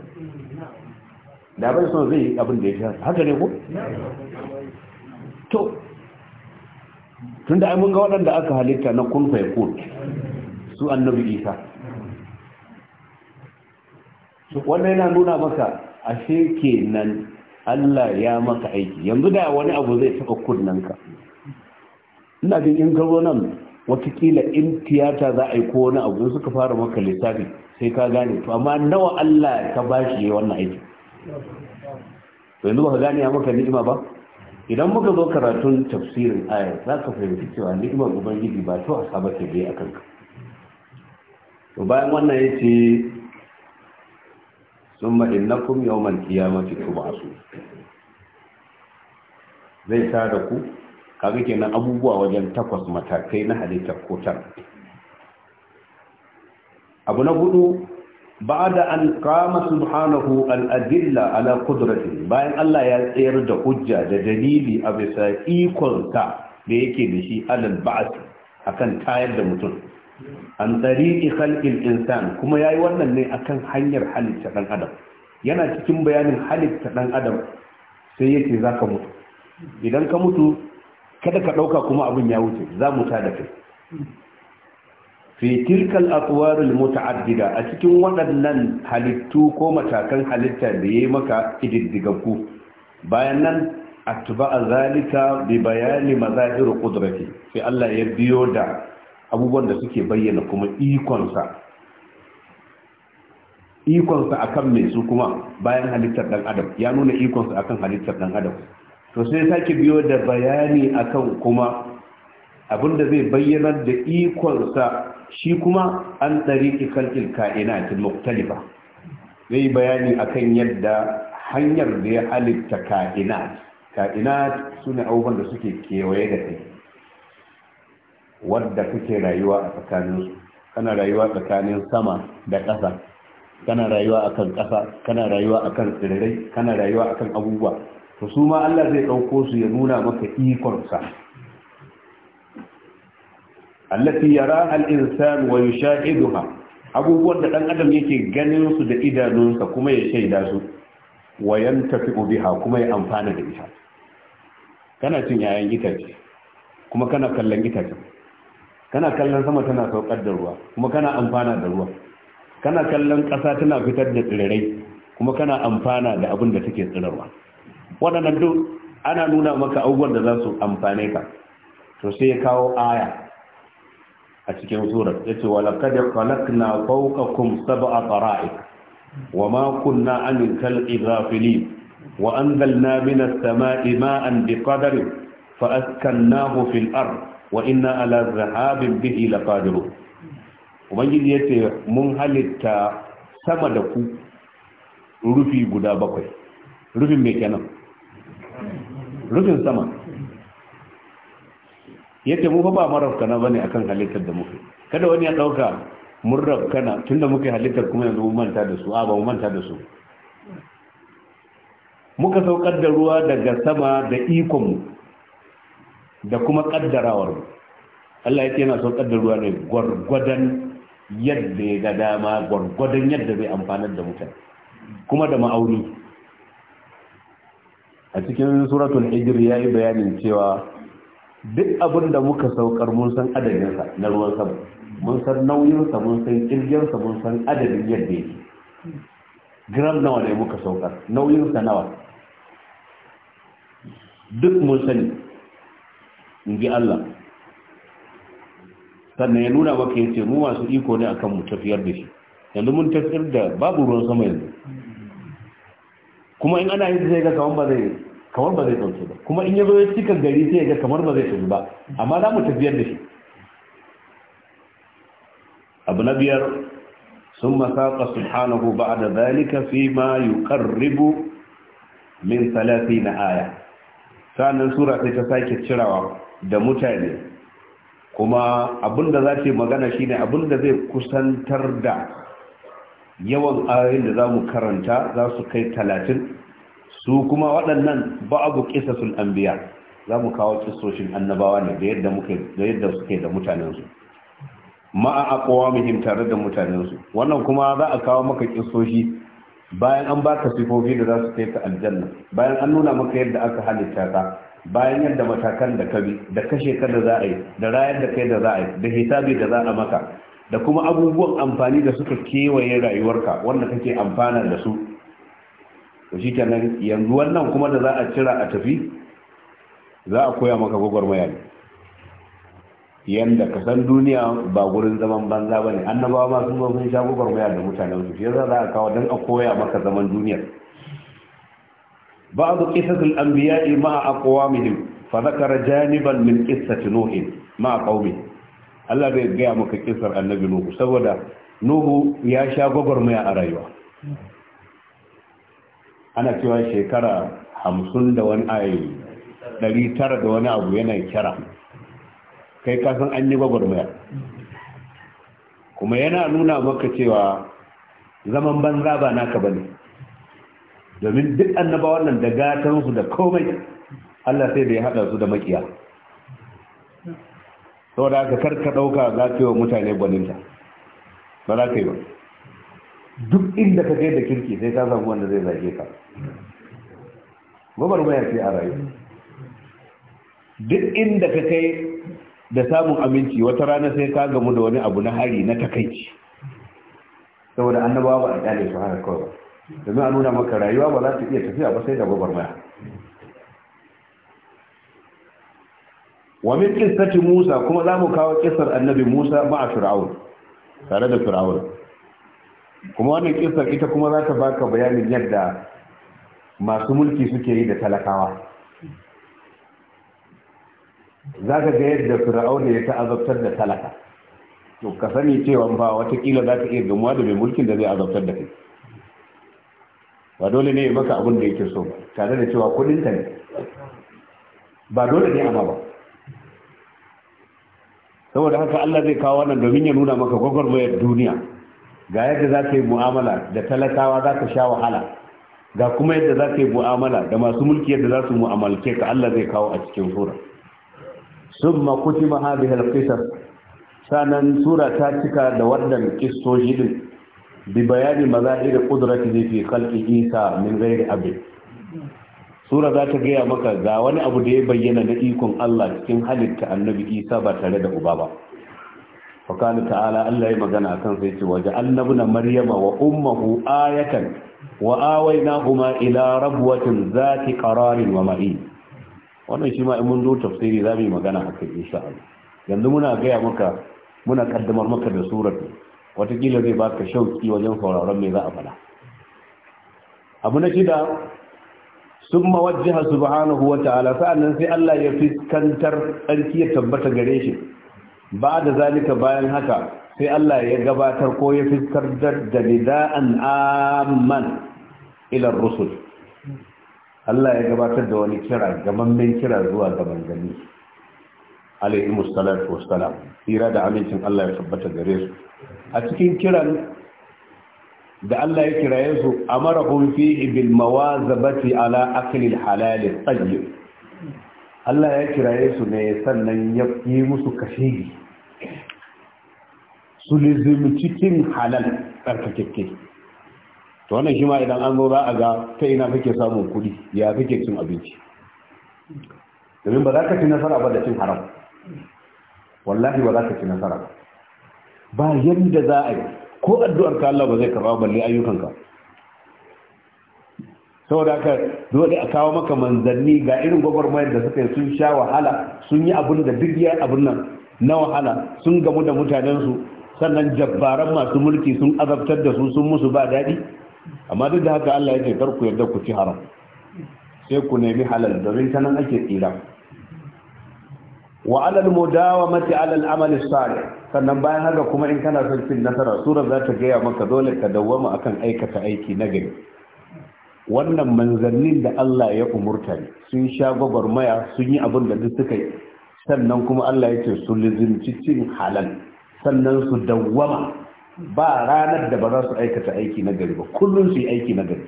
da bai so zai yi abin da ya sha haka ne ko to tun da mun ga waɗanda aka halitta na kun faikun su annabi isa wannan yana nuna maka ashe kenan Allah ya maka aiki yanzu da wani abu zai taɓa kunnanka ina jin in garo nan watakila in tiyata za a yi ko wani abu suka fara maka lissafi sai ka gane to amma nawa Allah ka bashi ya wannan aiki to yanzu baka gane ya maka ni'ima ba idan muka zo karatun tafsirin aya za ka fahimci cewa ni'imar ubangiji ba to a saba ke bai akan ka to bayan wannan yace summa innakum yawmal qiyamati tub'asun zai ta ku kaga kenan abubuwa wajen takwas matakai na halittar kotar abu na hudu ba'da an qama subhanahu al-adilla ala qudratihi bayan Allah ya tsayar da hujja da dalili a bisa ikonsa da yake da shi alal ba'th akan tayar da mutum an tariqi khalqil insan kuma yayi wannan ne akan hanyar halitta dan adam yana cikin bayanin halitta dan adam sai yake zaka mutu idan ka mutu kada ka dauka kuma abin ya wuce za mu ta da kai fi tilkal atwar al muta'addida a cikin waɗannan halittu ko matakan halitta da yayi maka ididdigaku bayan nan atba'a zalika bi bayani mazahir qudrati sai Allah ya biyo da abubuwan da suke bayyana kuma ikonsa ikonsa akan mai su kuma bayan halittar dan adam ya nuna ikonsa akan halittar dan adam to sai sake biyo da bayani akan kuma abinda zai bayyanar da ikonsa shi kuma an tsari ikhalkil ka'inatil muktalifa zai bayani akan yadda hanyar da ya halitta ka'inat ka'inat ne abubuwan da suke kewaye da kai wadda kake rayuwa a tsakaninsu kana rayuwa tsakanin sama da ƙasa kana rayuwa akan ƙasa kana rayuwa akan tsirrai kana rayuwa akan abubuwa to su ma Allah zai ɗauko su ya nuna maka ikonsa allati yara al-insan wa yushahiduha abubuwan da dan adam yake ganin su da idanunsa kuma ya shaida su wa yantafi biha kuma ya amfana da ita kana cin yayan itace kuma kana kallon itacen kana kallon sama tana saukar da ruwa kuma kana amfana da ruwa kana kallon ƙasa tana fitar da tsirrai kuma kana amfana da abin da take tsirarwa waɗannan duk ana nuna maka abubuwan da za su amfane ka to sai ya kawo aya a cikin surar ya ce walakad khalaqna fawqakum sab'a tara'iq ma kunna anil khalqi ghafilin wa anzalna minas sama'i ma'an biqadarin fa askannahu fil ardh wa inna ala zahabin bihi qadiru ubangiji yace mun halitta sama da ku rufi guda bakwai rufin me kenan rufin sama yace mu fa ba marafkana bane akan halittar da muke kada wani ya dauka mun rafkana tunda muke halittar kuma yanzu mun manta da su a ba mu manta da su muka saukar da ruwa daga sama da ikonmu da kuma kaddarawar Allah ya ce yana son kaddarwa ne gwargwadon yadda ya ga dama gwargwadon yadda zai amfanar da mutane kuma da ma'auni a cikin suratul hijr ya yi bayanin cewa duk abin da muka saukar mun san adadinsa na ruwan sama mun san nauyinsa mun san kirgiyarsa mun san adadin yadda yake gram nawa ne muka saukar nauyinsa nawa duk mun sani in ji Allah sannan ya nuna maka ya ce mu masu iko ne akan mu tafiyar da shi yanzu mun tafiyar da babu ruwan sama yanzu kuma in ana yin sai ga kamar ba zai kamar ba zai tsauce ba kuma in ya zo ya cika gari sai ga kamar ba zai tsauce ba amma za mu tafiyar da shi abu na biyar sun masaka subhanahu ba da zalika fi ma yuqarribu min 30 aya sannan sura sai ta sake cirawa da mutane kuma abinda za ce magana shine da zai kusantar da yawan ayoyin da za mu karanta za su kai talatin su kuma waɗannan ba abu an biya, za mu kawo ƙisoshin annabawa ne da yadda da yadda suke da mutanensu ma'a aqwa muhim tare da mutanensu wannan kuma za a kawo maka ƙisoshi bayan an ba baka sifofi da za su kai ta aljanna bayan an nuna maka yadda aka halitta ka bayan yadda matakan da kabi da kashe ka da za yi da rayar da kai da za yi da hisabi da za maka da kuma abubuwan amfani da suka kewaye rayuwarka wanda kake amfana da su to shi kenan yanzu wannan kuma da za a cira a tafi za a koya maka gwagwarmaya ne yanda ka san duniya ba gurin zaman banza ba ne annabawa ma sun zo sun sha gwagwarmaya da mutanen su shi za a kawo don a koya maka zaman duniyar بعض قصص الأنبياء مع أقوامهم فذكر جانبا من قصة نوح مع قومه Allah zai gaya maka kisar annabi Nuhu saboda Nuhu ya sha gwagwarmaya a rayuwa ana cewa shekara hamsin da wani ayi ɗari tara da wani abu yana kyara, kai kasan an yi gwagwarmaya kuma yana nuna maka cewa zaman banza ba naka bane domin duk annabawan nan da gatansu da komai Allah sai da ya haɗa su da makiya saboda aka karka ɗauka za ka yi wa mutane gwaninta ba za ka yi ba duk inda ka kai da kirki sai ka samu wanda zai zage ka gobar maya ce a rayu duk inda ka kai da samun aminci wata rana sai ka gamu da wani abu na hari na takaici saboda annabawa ba a kyale su haka kawai domin a nuna maka rayuwa ba za ta iya tafiya ba sai da gwagwarmaya wa wamin kisaci Musa kuma za mu kawo kisar annabi Musa ba a Fir'aun tare da Fir'aun kuma wannan kissar ita kuma za ta baka bayanin yadda masu mulki suke yi da talakawa za ka ga yadda Fir'aun ya azabtar da talaka to ka sani cewa ba watakila za ta iya gamuwa da mai mulkin da zai azabtar da kai ba dole ne maka abin da yake so tare da cewa ta ne ba dole ne amma ba saboda haka Allah zai kawo wannan domin ya nuna maka gwagwarmayar duniya ga yadda za ka yi mu'amala da talakawa za ka sha wahala ga kuma yadda za ka yi mu'amala da masu mulki yadda za su mu'amalke ka Allah zai kawo a cikin sura summa kutima hadhihi al sanan sura ta cika da wannan kissoji din bi bayani maza mazahir qudratihi fi khalqi isa min ghairi abin sura za ta gaya maka ga wani abu da ya bayyana na ikon Allah cikin halitta annabi Isa ba tare da uba ba fakali ta'ala Allah ya magana kan sai ce waje annabuna maryama wa ummuhu ayatan wa awaynahuma ila rabwatin zati qararin wa ma'i wannan shi ma in mun zo tafsiri za mu yi magana akan insha Allah yanzu muna gaya maka muna kaddamar maka da suratu watakila zai baka shauki wajen sauraron me za a faɗa abu na shida sun mawajjiha subhanahu wata'ala sa'annan sai Allah ya fiskantar tsarki ya tabbata gare shi ba da zalika bayan haka sai Allah ya gabatar ko ya fiskantar da nida'an amman ila rusul Allah ya gabatar da wani kira gamammen kira zuwa ga manzanni alaihi salatu wassalam tsira da amincin Allah ya tabbata gare su a cikin kiran da Allah ya kiraye su amarahum fi bil mawazabati ala akli al halal tayyib Allah ya kiraye su ne sannan ya yi musu kashegi su lizimi cikin halal tsarkakekke to wannan shi ma idan an zo za a ga ta ina kake samun kuɗi ya kake cin abinci domin ba za ka ci nasara ba da cin haram wallahi ba za ka ci nasara ba ba yadda za a yi ko addu'ar ka Allah ba zai karba balle ayyukanka saboda haka dole a kawo maka manzanni ga irin gwagwarmayar da suka yi sun sha wahala sun yi abin da duk ya abin nan na wahala sun gamu da mutanensu sannan jabbaran masu mulki sun azabtar da su sun musu ba daɗi amma duk da haka Allah ya ce kar ku ku ci haram sai ku nemi halal domin ta nan ake tsira wa alal mudawamati alal amali salih sannan bayan haka kuma in kana son cin nasara sura za ta gaya maka dole ka dawwama akan aikata aiki na gari wannan manzannin da Allah ya umurta ne sun sha gwagwarmaya sun yi abin da duk suka yi sannan kuma Allah ya ce su lizinci cin halal sannan su dawwama ba ranar da ba za su aikata aiki na gari ba kullum su yi aiki na gari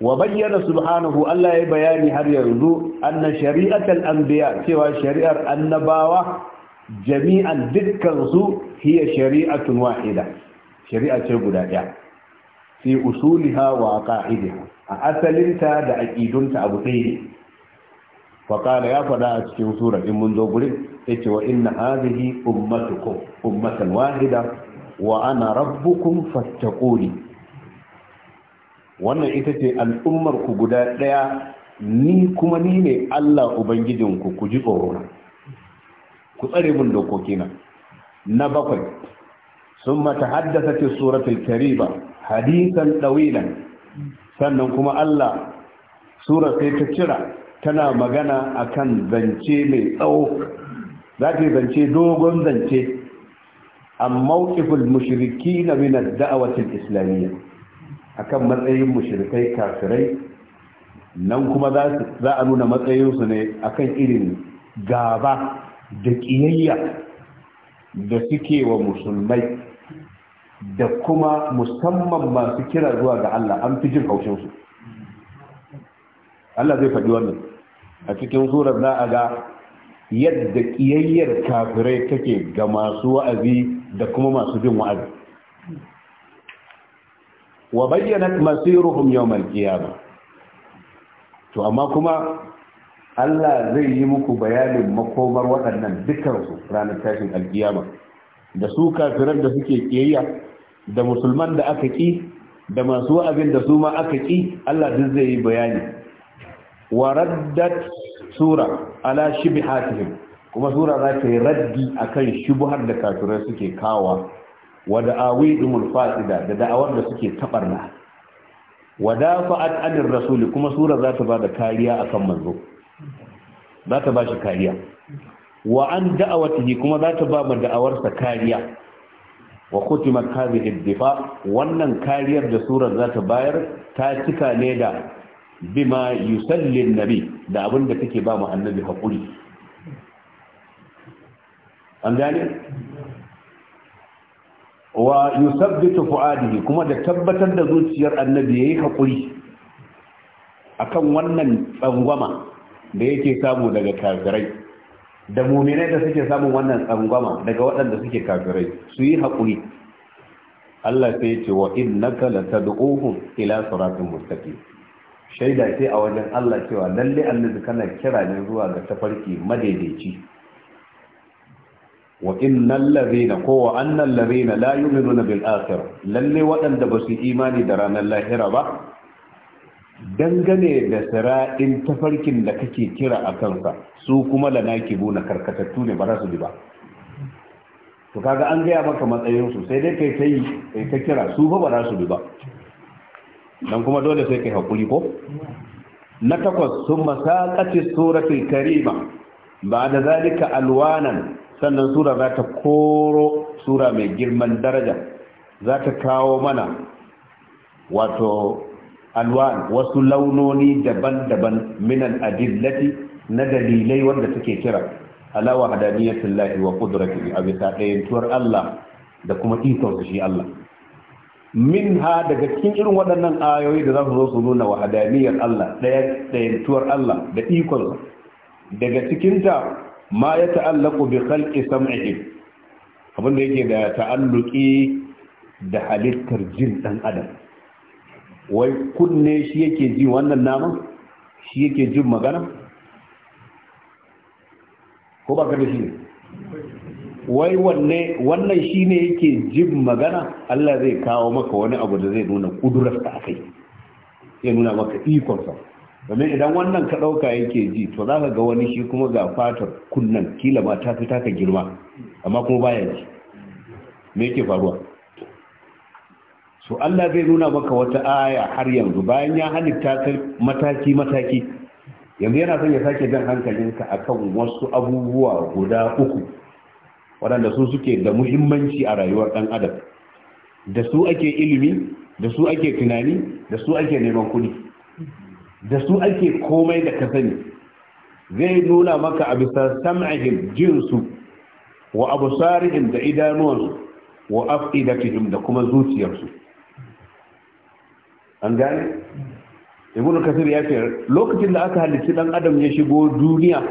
wa bayyana subhanahu Allah ya bayani har yanzu anna shari'atal anbiya cewa shari'ar annabawa jami'an dukkansu hiya shari'atun wahida shari'a ce guda ɗaya fi usuliha wa qa'idiha a asalinta da aqidunta abu ɗaya ne fa qala ya fada a cikin sura in mun zo gurin yace wa inna hadhihi ummatukum ummatan wahida wa ana rabbukum fattaquni wannan ita ce al'ummar ku guda ɗaya ni kuma ni ne Allah ubangijinku ku ji tsoro ku tsare mun dokoki na na bakwai sun mata haddasa ce suratul kariba hadisan ɗawilan sannan kuma Allah sura sai ta cira tana magana akan zance mai tsawo za ta zance dogon zance a mawqiful mushrikina min ad islamiyya akan matsayin mushrikai kafirai nan kuma za a nuna matsayinsu ne akan irin gaba da ƙiyayya da suke wa musulmai da kuma musamman masu kira zuwa ga Allah an fi jin haushinsu Allah zai faɗi wannan a cikin surar za a ga yadda ƙiyayyar kafirai take ga masu wa'azi da kuma masu jin wa'azi wa bayyana masiruhum yawmal qiyamah to amma kuma Allah zai yi muku bayanin makomar waɗannan dukansu ranar tashin alkiyama da su kafiran da suke kiyayya da musulman da aka ƙi da masu abin da su ma aka ƙi Allah duk zai yi bayani wa raddat sura ala shibihatihim kuma sura za ta yi raddi akan shubuhar da kafirai suke kawa wa da'awi dumul fasida da da'awar da suke tabarna wa dafa'at anir rasuli, kuma sura za ta bada kariya akan manzo za ta ba shi kariya wa an da'awatihi kuma za ta ba da'awar da'awarsa kariya wa kutima hadhihi ad-difa wannan kariyar da surar za ta bayar ta cika ne da bima yusalli an-nabi da abin da take ba mu annabi hakuri an gane wa yusabbitu fuadihi kuma da tabbatar da zuciyar annabi yayi hakuri akan wannan tsangwama da yake samu daga kafirai da muminai da suke samun wannan tsangwama daga waɗanda suke kafirai su yi haƙuri Allah sai ya ce wa innaka latad'uhum ila siratin mustaqim shaida ce a wajen Allah cewa lalle annabi kana kira ne zuwa ga tafarki madaidaici wa innal ladhina ko wa annal ladhina la yu'minuna bil akhir lalle waɗanda ba su imani da ranar lahira ba dangane da sara'in tafarkin da kake kira a kansa su kuma da naki buna karkatattu ne ba za su bi ba to kaga an gaya maka matsayinsu sai dai kai sai kai ta kira su fa ba za su bi ba dan kuma dole sai kai hakuri ko na takwas sun masaqati suratul karima ba da zalika alwanan sannan sura za ta koro sura mai girman daraja za ta kawo mana wato alwan wasu launoni daban-daban minan adillati na dalilai wanda suke kira alawa hadaniyatin lahi wa kudratihi a bisa ɗayantuwar Allah da kuma ikonsa shi Allah min ha daga cikin irin waɗannan ayoyi da za su zo su nuna wa hadaniyar Allah ɗayantuwar Allah da ikonsa daga cikinta ma ya ta'allaku bi khalqi sam'ihi abin yake da ta'alluki da halittar jin ɗan adam wai kunne shi yake ji wannan naman shi yake jin magana ko ba ka da shi wai wanne wannan shi ne yake jin magana Allah zai kawo maka wani abu da zai nuna kudurarsa a kai zai nuna maka ikonsa domin idan wannan ka ɗauka yake ji to za ka ga wani shi kuma ga fatar kunnan kila ma ta fi taka girma amma kuma baya ji me yake faruwa so Allah zai nuna maka wata aya har yanzu bayan ya halitta mataki mataki yanzu yana son ya sake jan hankalinka akan wasu abubuwa guda uku waɗanda su suke da muhimmanci a rayuwar ɗan adam da su ake ilimi da su ake tunani da su ake neman kuɗi da su ake komai da ka sani zai nuna maka a bisa sam'ahim jinsu wa abu abusarihim da idanuwansu wa afidatihim da kuma zuciyarsu an gane ibnu kasir ya ce lokacin da aka halicci dan adam ya shigo duniya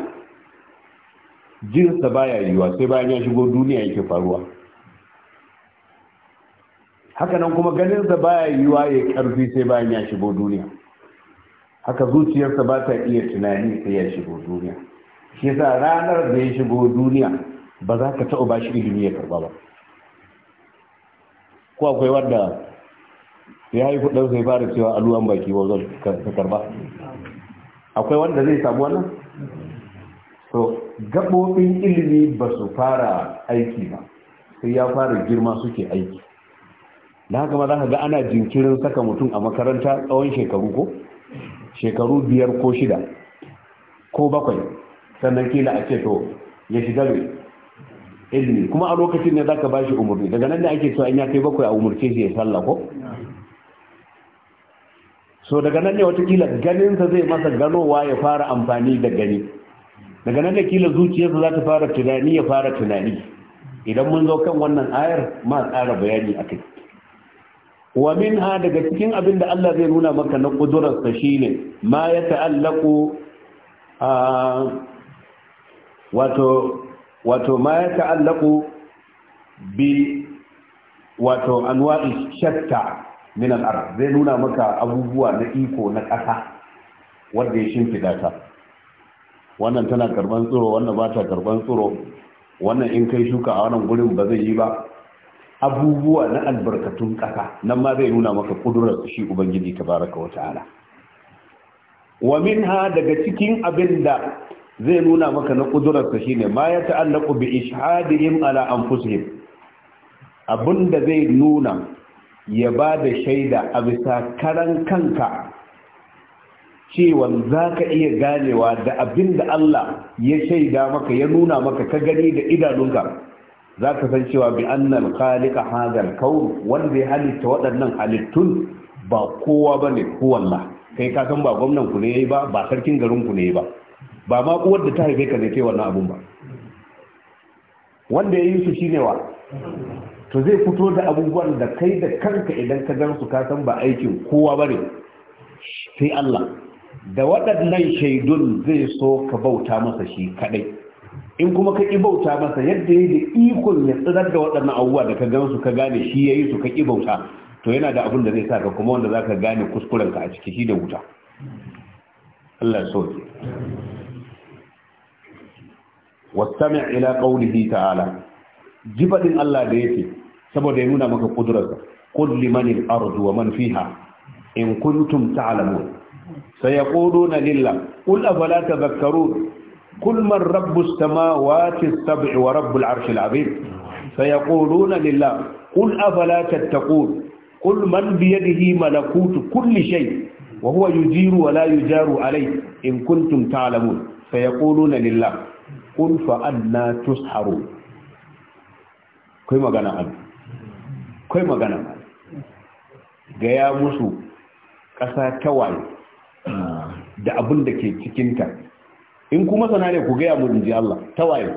jinsa baya yiwa sai bayan ya shigo duniya yake faruwa haka nan kuma ganinsa baya yiwa ya karfi sai bayan ya shigo duniya haka zuciyarsa ba ta iya tunani sai ya shigo duniya shi yasa ranar da ya shigo duniya ba za ka taɓa ba shi ilimi ya karba ba ko akwai wanda ya yi kudin sai fara cewa aluwan baki wazo ka karba akwai wanda zai samu wannan so gabobin ilimi ba su fara aiki ba sai ya fara girma suke aiki da haka ma za ka ga ana jinkirin saka mutum a makaranta tsawon shekaru ko shekaru biyar ko shida ko bakwai sannan kila a ce to ya shiga mai ilimi kuma a lokacin ne za ka ba shi umarni daga nan da ake so an ya kai bakwai a umarce shi ya sallah ko so daga nan ne watakila ganinsa zai masa ganowa ya fara amfani da gani daga nan ne kila zuciyarsa za ta fara tunani ya fara tunani idan mun zo kan wannan ayar ma tsara bayani a kai wa min ha daga cikin abin da Allah zai nuna maka na ƙudurarsa shine ma ya ta'allaku a wato wato ma ya bi wato anwa'i shatta min al zai nuna maka abubuwa na iko na ƙasa wanda ya shimfida ta wannan tana karban tsoro, wannan ba ta karban tsoro. wannan in kai shuka a wannan gurin ba zai yi ba abubuwa na albarkatun ƙasa nan ma zai nuna maka kudurar shi ubangiji tabaraka wa ta'ala wa minha daga cikin abin da zai nuna maka na kudurar shi ne ma ya ta'allaqu bi ishadihim ala anfusihim abinda zai nuna ya ba da shaida a bisa karan kanka cewa za ka iya ganewa da abin da Allah ya shaida maka ya nuna maka ka gani da idanunka za ka san cewa bi annal khaliqa hadal wanda ya halitta waɗannan halittun ba kowa bane huwallah kai ka san ba gwamnan ku ne yayi ba ba sarkin garin ku ne yayi ba ba ma uwar da ta haife ka ne ce wannan abun ba wanda ya yi su shine wa to zai fito da abubuwan da kai da kanka idan ka gan su ka ba aikin kowa ne? sai Allah da waɗannan shaidun zai so ka bauta masa shi kadai in kuma ka ƙi bauta masa yadda ya da ikon ya tsirar da waɗannan abubuwa da ka gan su ka gane shi ya yi su ka ƙi bauta to yana da abin da zai sa ka kuma wanda za ka gane kuskurenka a ciki shi da wuta Allah so ke wasami ila ƙaunihi ta'ala jibadin Allah da yake saboda ya nuna maka kudurarsa qul liman al-ardu wa man fiha in kuntum ta'lamun sayaquluna lillah qul afala tadhakkarun قل من رب السماوات السبع ورب العرش العظيم فيقولون لله قل أفلا تتقون قل من بيده ملكوت كل شيء وهو يجير ولا يجار عليه إن كنتم تعلمون فيقولون لله قل فأنا تسحرون كما قال أبي akwai magana gaya musu ƙasa ta waye da abin da ke cikinta in kuma sana ne ku gaya mu inji Allah ta waye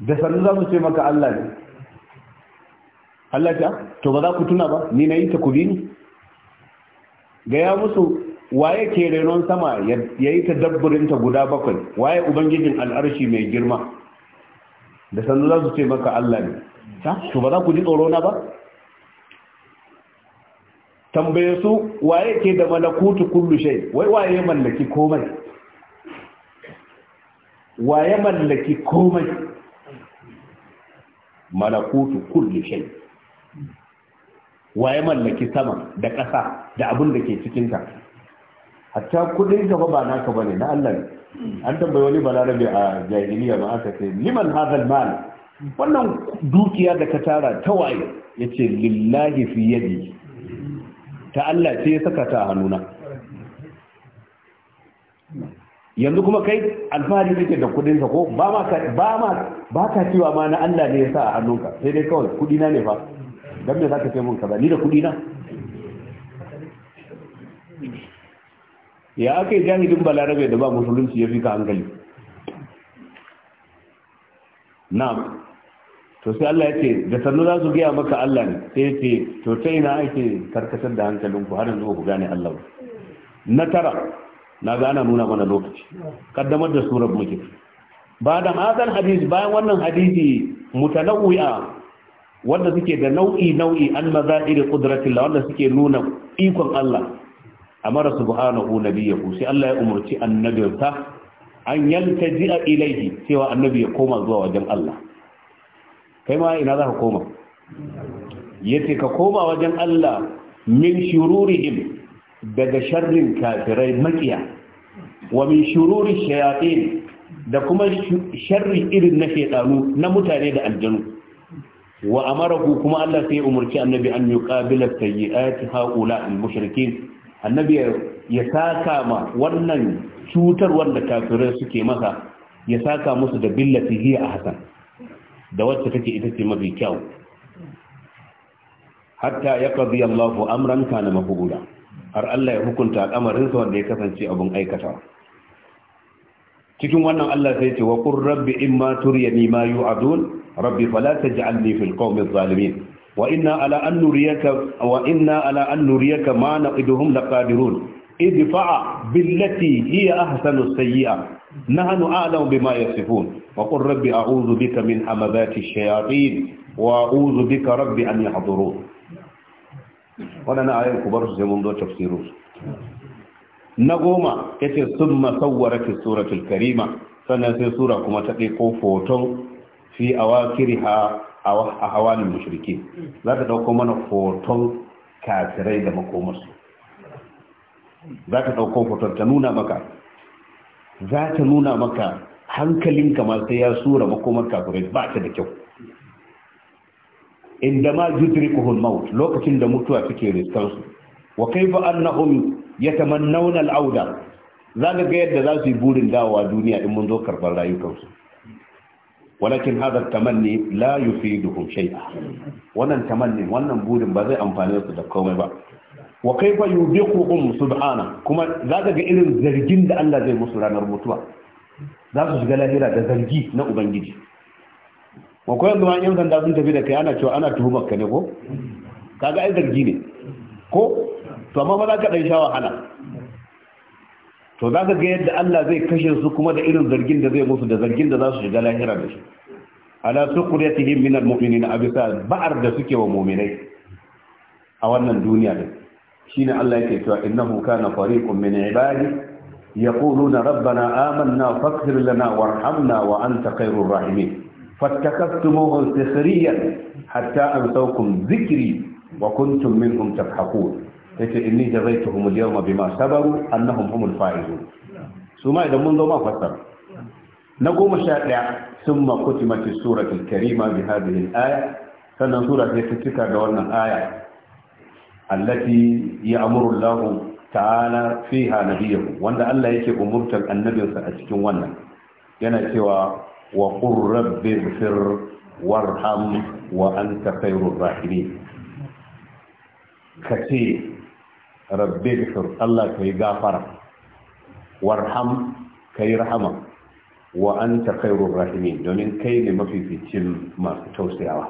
da sannu za su ce maka Allah ne Allah ta ah, to ba za ku tuna ba ni na yi ta ku bi ni gaya musu waye ke renon sama ya yi ta dabburinta guda bakwai waye ubangijin al'arshi mai girma da sannu za su ce maka Allah ne to ba za ku ji tsoro na ba tambaye su waye ke da malakutu kullu shay wai waye mallaki komai waye mallaki komai malakutu kullu shay waye mallaki sama da ƙasa da abin da ke ta hatta kudin ka ba ba naka bane na Allah ne an tambayi wani balarabe a jahiliya ba aka ce liman hazal mal wannan dukiya da ka tara ta waye ya ce lillahi fi yadi ta Allah ce ya saka ta a hannuna yanzu kuma kai alfahari kake da ka ko ba ma ba ma ba ka cewa ma na Allah ne ya sa a hannunka sai dai kawai na ne fa dan me zaka ce mun kaza ni da na ya aka yi jahilin balarabe da ba musulunci ya fi ka hankali na to sai Allah ya ce da sannu za su gaya maka Allah ne sai ya ce to ta ina ake karkatar da hankalinku har yanzu ku gane Allah na tara na ga ana nuna mana lokaci kaddamar da surar muke ba da hadan hadisi bayan wannan hadisi mutanawwi'a wanda suke da nau'i nau'i an maza'ir qudratillah wanda suke nuna ikon Allah amara subhanahu nabiyahu sai Allah ya umurci annabinsa an yaltaji'a ilaihi cewa annabi ya koma zuwa wajen Allah kai ma ina za ka koma yace ka koma wajen Allah min shururihim daga sharrin kafirai makiya wa min shururi shayatin da kuma sharri irin na shedanu na mutane da aljanu wa ku kuma Allah sai ya umurci annabi an yuqabila sayyi'ati haula al-mushrikin annabi ya saka ma wannan cutar wanda kafirai suke masa ya saka musu da billati hiya a hasan da wacce take ita ce mafi kyau hatta ya qadi Allahu amuranka na mafula har Allah ya hukunta al'amarin wanda ya kasance abin aikata cikin wannan Allah sai ce wa qur rabbi imma turyani ma yu'adun rabbi fala taj'alni fil qawmi zalimin وإنا على أن نريك وإنا على أن نريك ما نقدهم لقادرون ادفع بالتي هي أحسن السيئة نحن أعلم بما يصفون وقل ربي أعوذ بك من همذات الشياطين وأعوذ بك ربي أن يحضرون ولنا آية كبار زمن دو تفسيروس نقوم يتي ثم صورك السورة الكريمة سنة سورة كما تقيقوا في أواخرها a hawanin mashirki za ta ɗauko mana hoton kafirai da makomarsu za ta ɗauko hoton ta nuna maka za ta nuna maka hankalin kamar ta ya sura makomar kafirai ba ta da kyau inda ma kuhun maut lokacin da mutuwa take riskansu wa kaifa annahum yatamannawna al-auda zaka ga yadda za su yi burin dawowa duniya in mun zo karɓar rayukansu walakin hadha tamanni la yufiduhum shay'a wannan tamanni wannan burin ba zai amfane su da komai ba wa kaifa yubiquhum subhana kuma zaka ga irin zargin da Allah zai musu ranar mutuwa za su shiga lahira da zargi na ubangiji wa koyan da yan sanda sun tafi da kai ana cewa ana tuhumar ka ne ko kaga ai zargi ne ko to amma ba za ka dan sha wahala to za ka ga yadda Allah zai kashe su kuma da irin zargin da zai musu da zargin da za su shiga lahira da shi ala suqriyatihim min na abisa ba'ar da suke wa mu'minai a wannan duniya Shi shine Allah yake cewa huka na fari min ibadi yaquluna rabbana amanna faghfir lana warhamna wa anta khairur rahimin fattakastumuhum sikhriyan hatta saukun zikiri wa kuntum minhum tadhakun yace inni jazaituhum al-yawma bima sabaru annahum humul fa'izun su ma idan mun zo ma fassara na goma sha ɗaya sun makuti mace suratul karima bi hadhihi al-aya sannan sura sai ta cika da wannan aya allati ya'muru Allah ta'ala fiha nabiyahu wanda Allah yake umurtar annabinsa a cikin wannan yana cewa wa qur rabbi ighfir warham wa anta khairur rahimin kace rabbi Allah ka yi gafara warham ka yi rahama wa an ta kairun rahimi domin kai ne mafificin masu tausayawa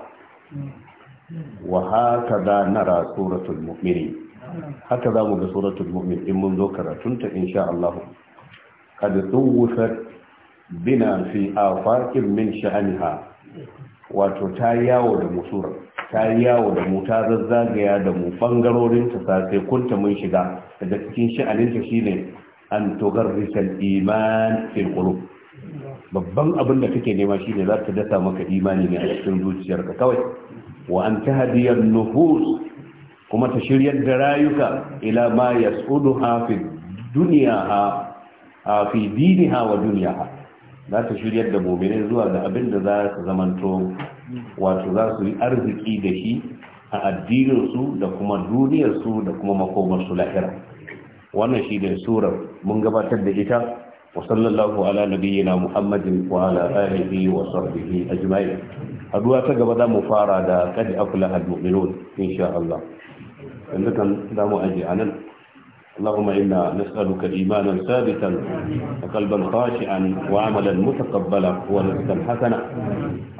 wa haka za nara suratul mu'mini haka za mu ga suratul mu'min in mun zo karatunta insha Allah kad tsuwufat bina fi afakin min shaniha, wato ta yawo da musura ta yi yawo da mu ta zazzagaya da mu bangarorin ta sai kunta mun shiga daga cikin sha'anin ta shine an risal iman fil qulub babban abin da kake nema shine za ta dasa maka imani ne a cikin zuciyarka kawai wa an tahdiyar nuhus kuma ta shiryar da rayuka ila ma yas'uduha fi ha fi diniha wa ha za ta shiryar da mu'minin zuwa ga abin da za su zamanto wato za su yi arziki da shi a addininsu da kuma duniyarsu da kuma makomarsu lahira wannan shi ne surar mun gabatar da ita wa sallallahu ala nabiyyina muhammadin wa ala alihi wa sahbihi ajma'in aduwa ta gaba za mu fara da qad aflaha al-mu'minun insha Allah yanzu kan za aje anan اللهم إنا نسألك إيمانا ثابتا وقلبا خاشعا وعملا متقبلا ورزقا حسنا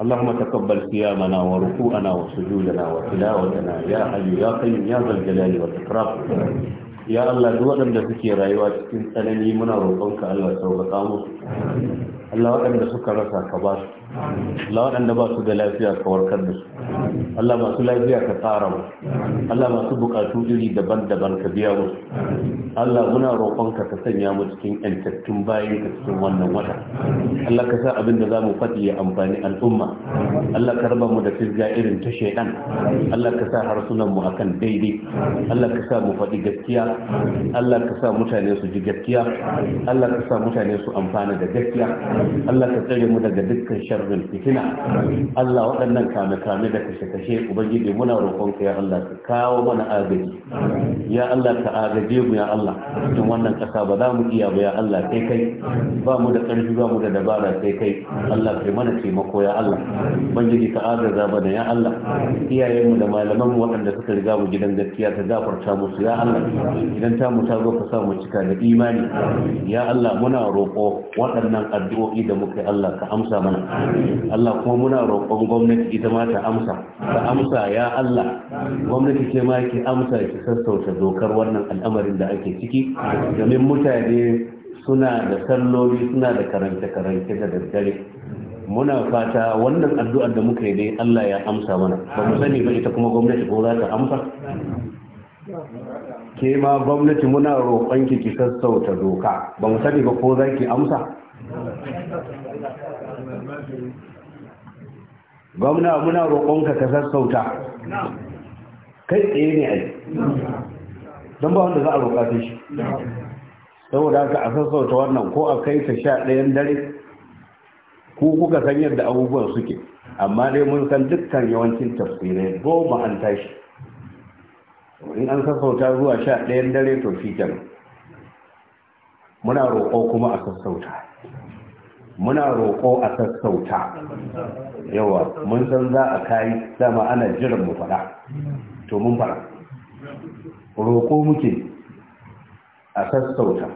اللهم تقبل صيامنا وركوعنا وسجودنا وتلاوتنا يا حي يا قيوم يا ذا الجلال والإكرام ya Allah duk waɗanda suke rayuwa cikin tsanani muna roƙonka Allah sauƙaƙa musu Allah waɗanda suka rasa ka ba su Allah waɗanda ba su da lafiya ka warkar da su Allah masu lafiya ka tsara mu Allah masu bukatu iri daban-daban ka biya musu Allah muna roƙon ka sanya mu cikin yantattun bayan ka cikin wannan wata Allah ka sa abin da za mu faɗi ya amfani al'umma Allah ka raba mu da fisga irin ta shaidan Allah ka sa harsunan mu akan daidai Allah ka sa mu faɗi gaskiya Allah ka sa mutane su ji gaskiya Allah ka sa mutane su amfana da gaskiya Allah ka tsare mu daga dukkan shar sharrin fitina Allah waɗannan kame-kame da kashe-kashe ubangiji muna roƙonka ya Allah ka kawo mana agaji ya Allah ka agaje mu ya Allah cikin wannan ƙasa ba za mu iya ba ya Allah sai kai ba mu da ƙarfi ba mu da dabara sai kai Allah kai mana taimako ya Allah ubangiji ka agaza bana ya Allah iyayenmu da malaman waɗanda suka riga mu gidan gaskiya ta gafarta musu ya Allah idan ta mu ta zo ka sa mu cika da imani ya Allah muna roƙo waɗannan addu'o'i da muka yi Allah ka amsa mana Allah kuma muna roƙon gwamnati ita ma ta amsa ta amsa ya Allah gwamnati ce ma ki amsa ki sassauta dokar wannan al'amarin da ake ciki domin mutane suna da salloli suna da karance-karance da daddare muna fata wannan addu'ar da muka yi dai Allah ya amsa mana ba mu sani ba ita kuma gwamnati ko za ta amsa ke ma gwamnati muna roƙon ki ki sassauta doka ba mu sani ba ko za ki amsa gwamna muna roƙonka ka sassauta kai tsaye ne a yi don ba wanda za a roƙa ta shi saboda haka a sassauta wannan ko a kai ta sha ɗayan dare ku kuka san yadda abubuwan suke amma dai mun san dukkan yawancin tafsirai goma an tashi in an sassauta zuwa sha ɗayan dare to shi muna roƙo kuma a sassauta muna roƙo a sassauta yawa mun san za a kayi dama ana jiran mu faɗa to mun fara roƙo muke a sassauta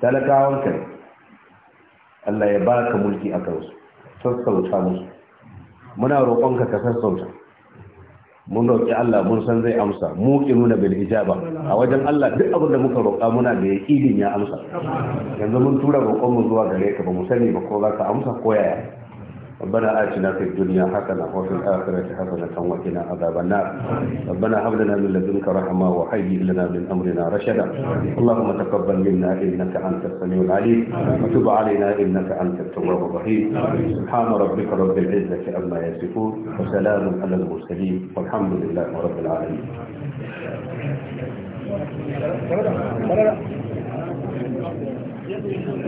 talakawan kai Allah ya baka mulki a kansu sassauta musu muna roƙonka ka sassauta mun roƙi Allah mun san zai amsa mu nuna bil ijaba a wajen Allah duk abin da muka roƙa muna da yaqinin ya amsa yanzu mun tura roƙon mu zuwa gare ka ba mu sani ba ko za ka amsa ko yaya ربنا آتنا في الدنيا حسنة وفي الآخرة حسنة وقنا عذاب النار ربنا هب لنا من لدنك رحمة وحي لنا من أمرنا رشدا اللهم تقبل منا إنك أنت السميع العليم وتب علينا إنك أنت التواب الرحيم سبحان ربك رب العزة عما يصفون وسلام على المرسلين والحمد لله رب العالمين Gracias.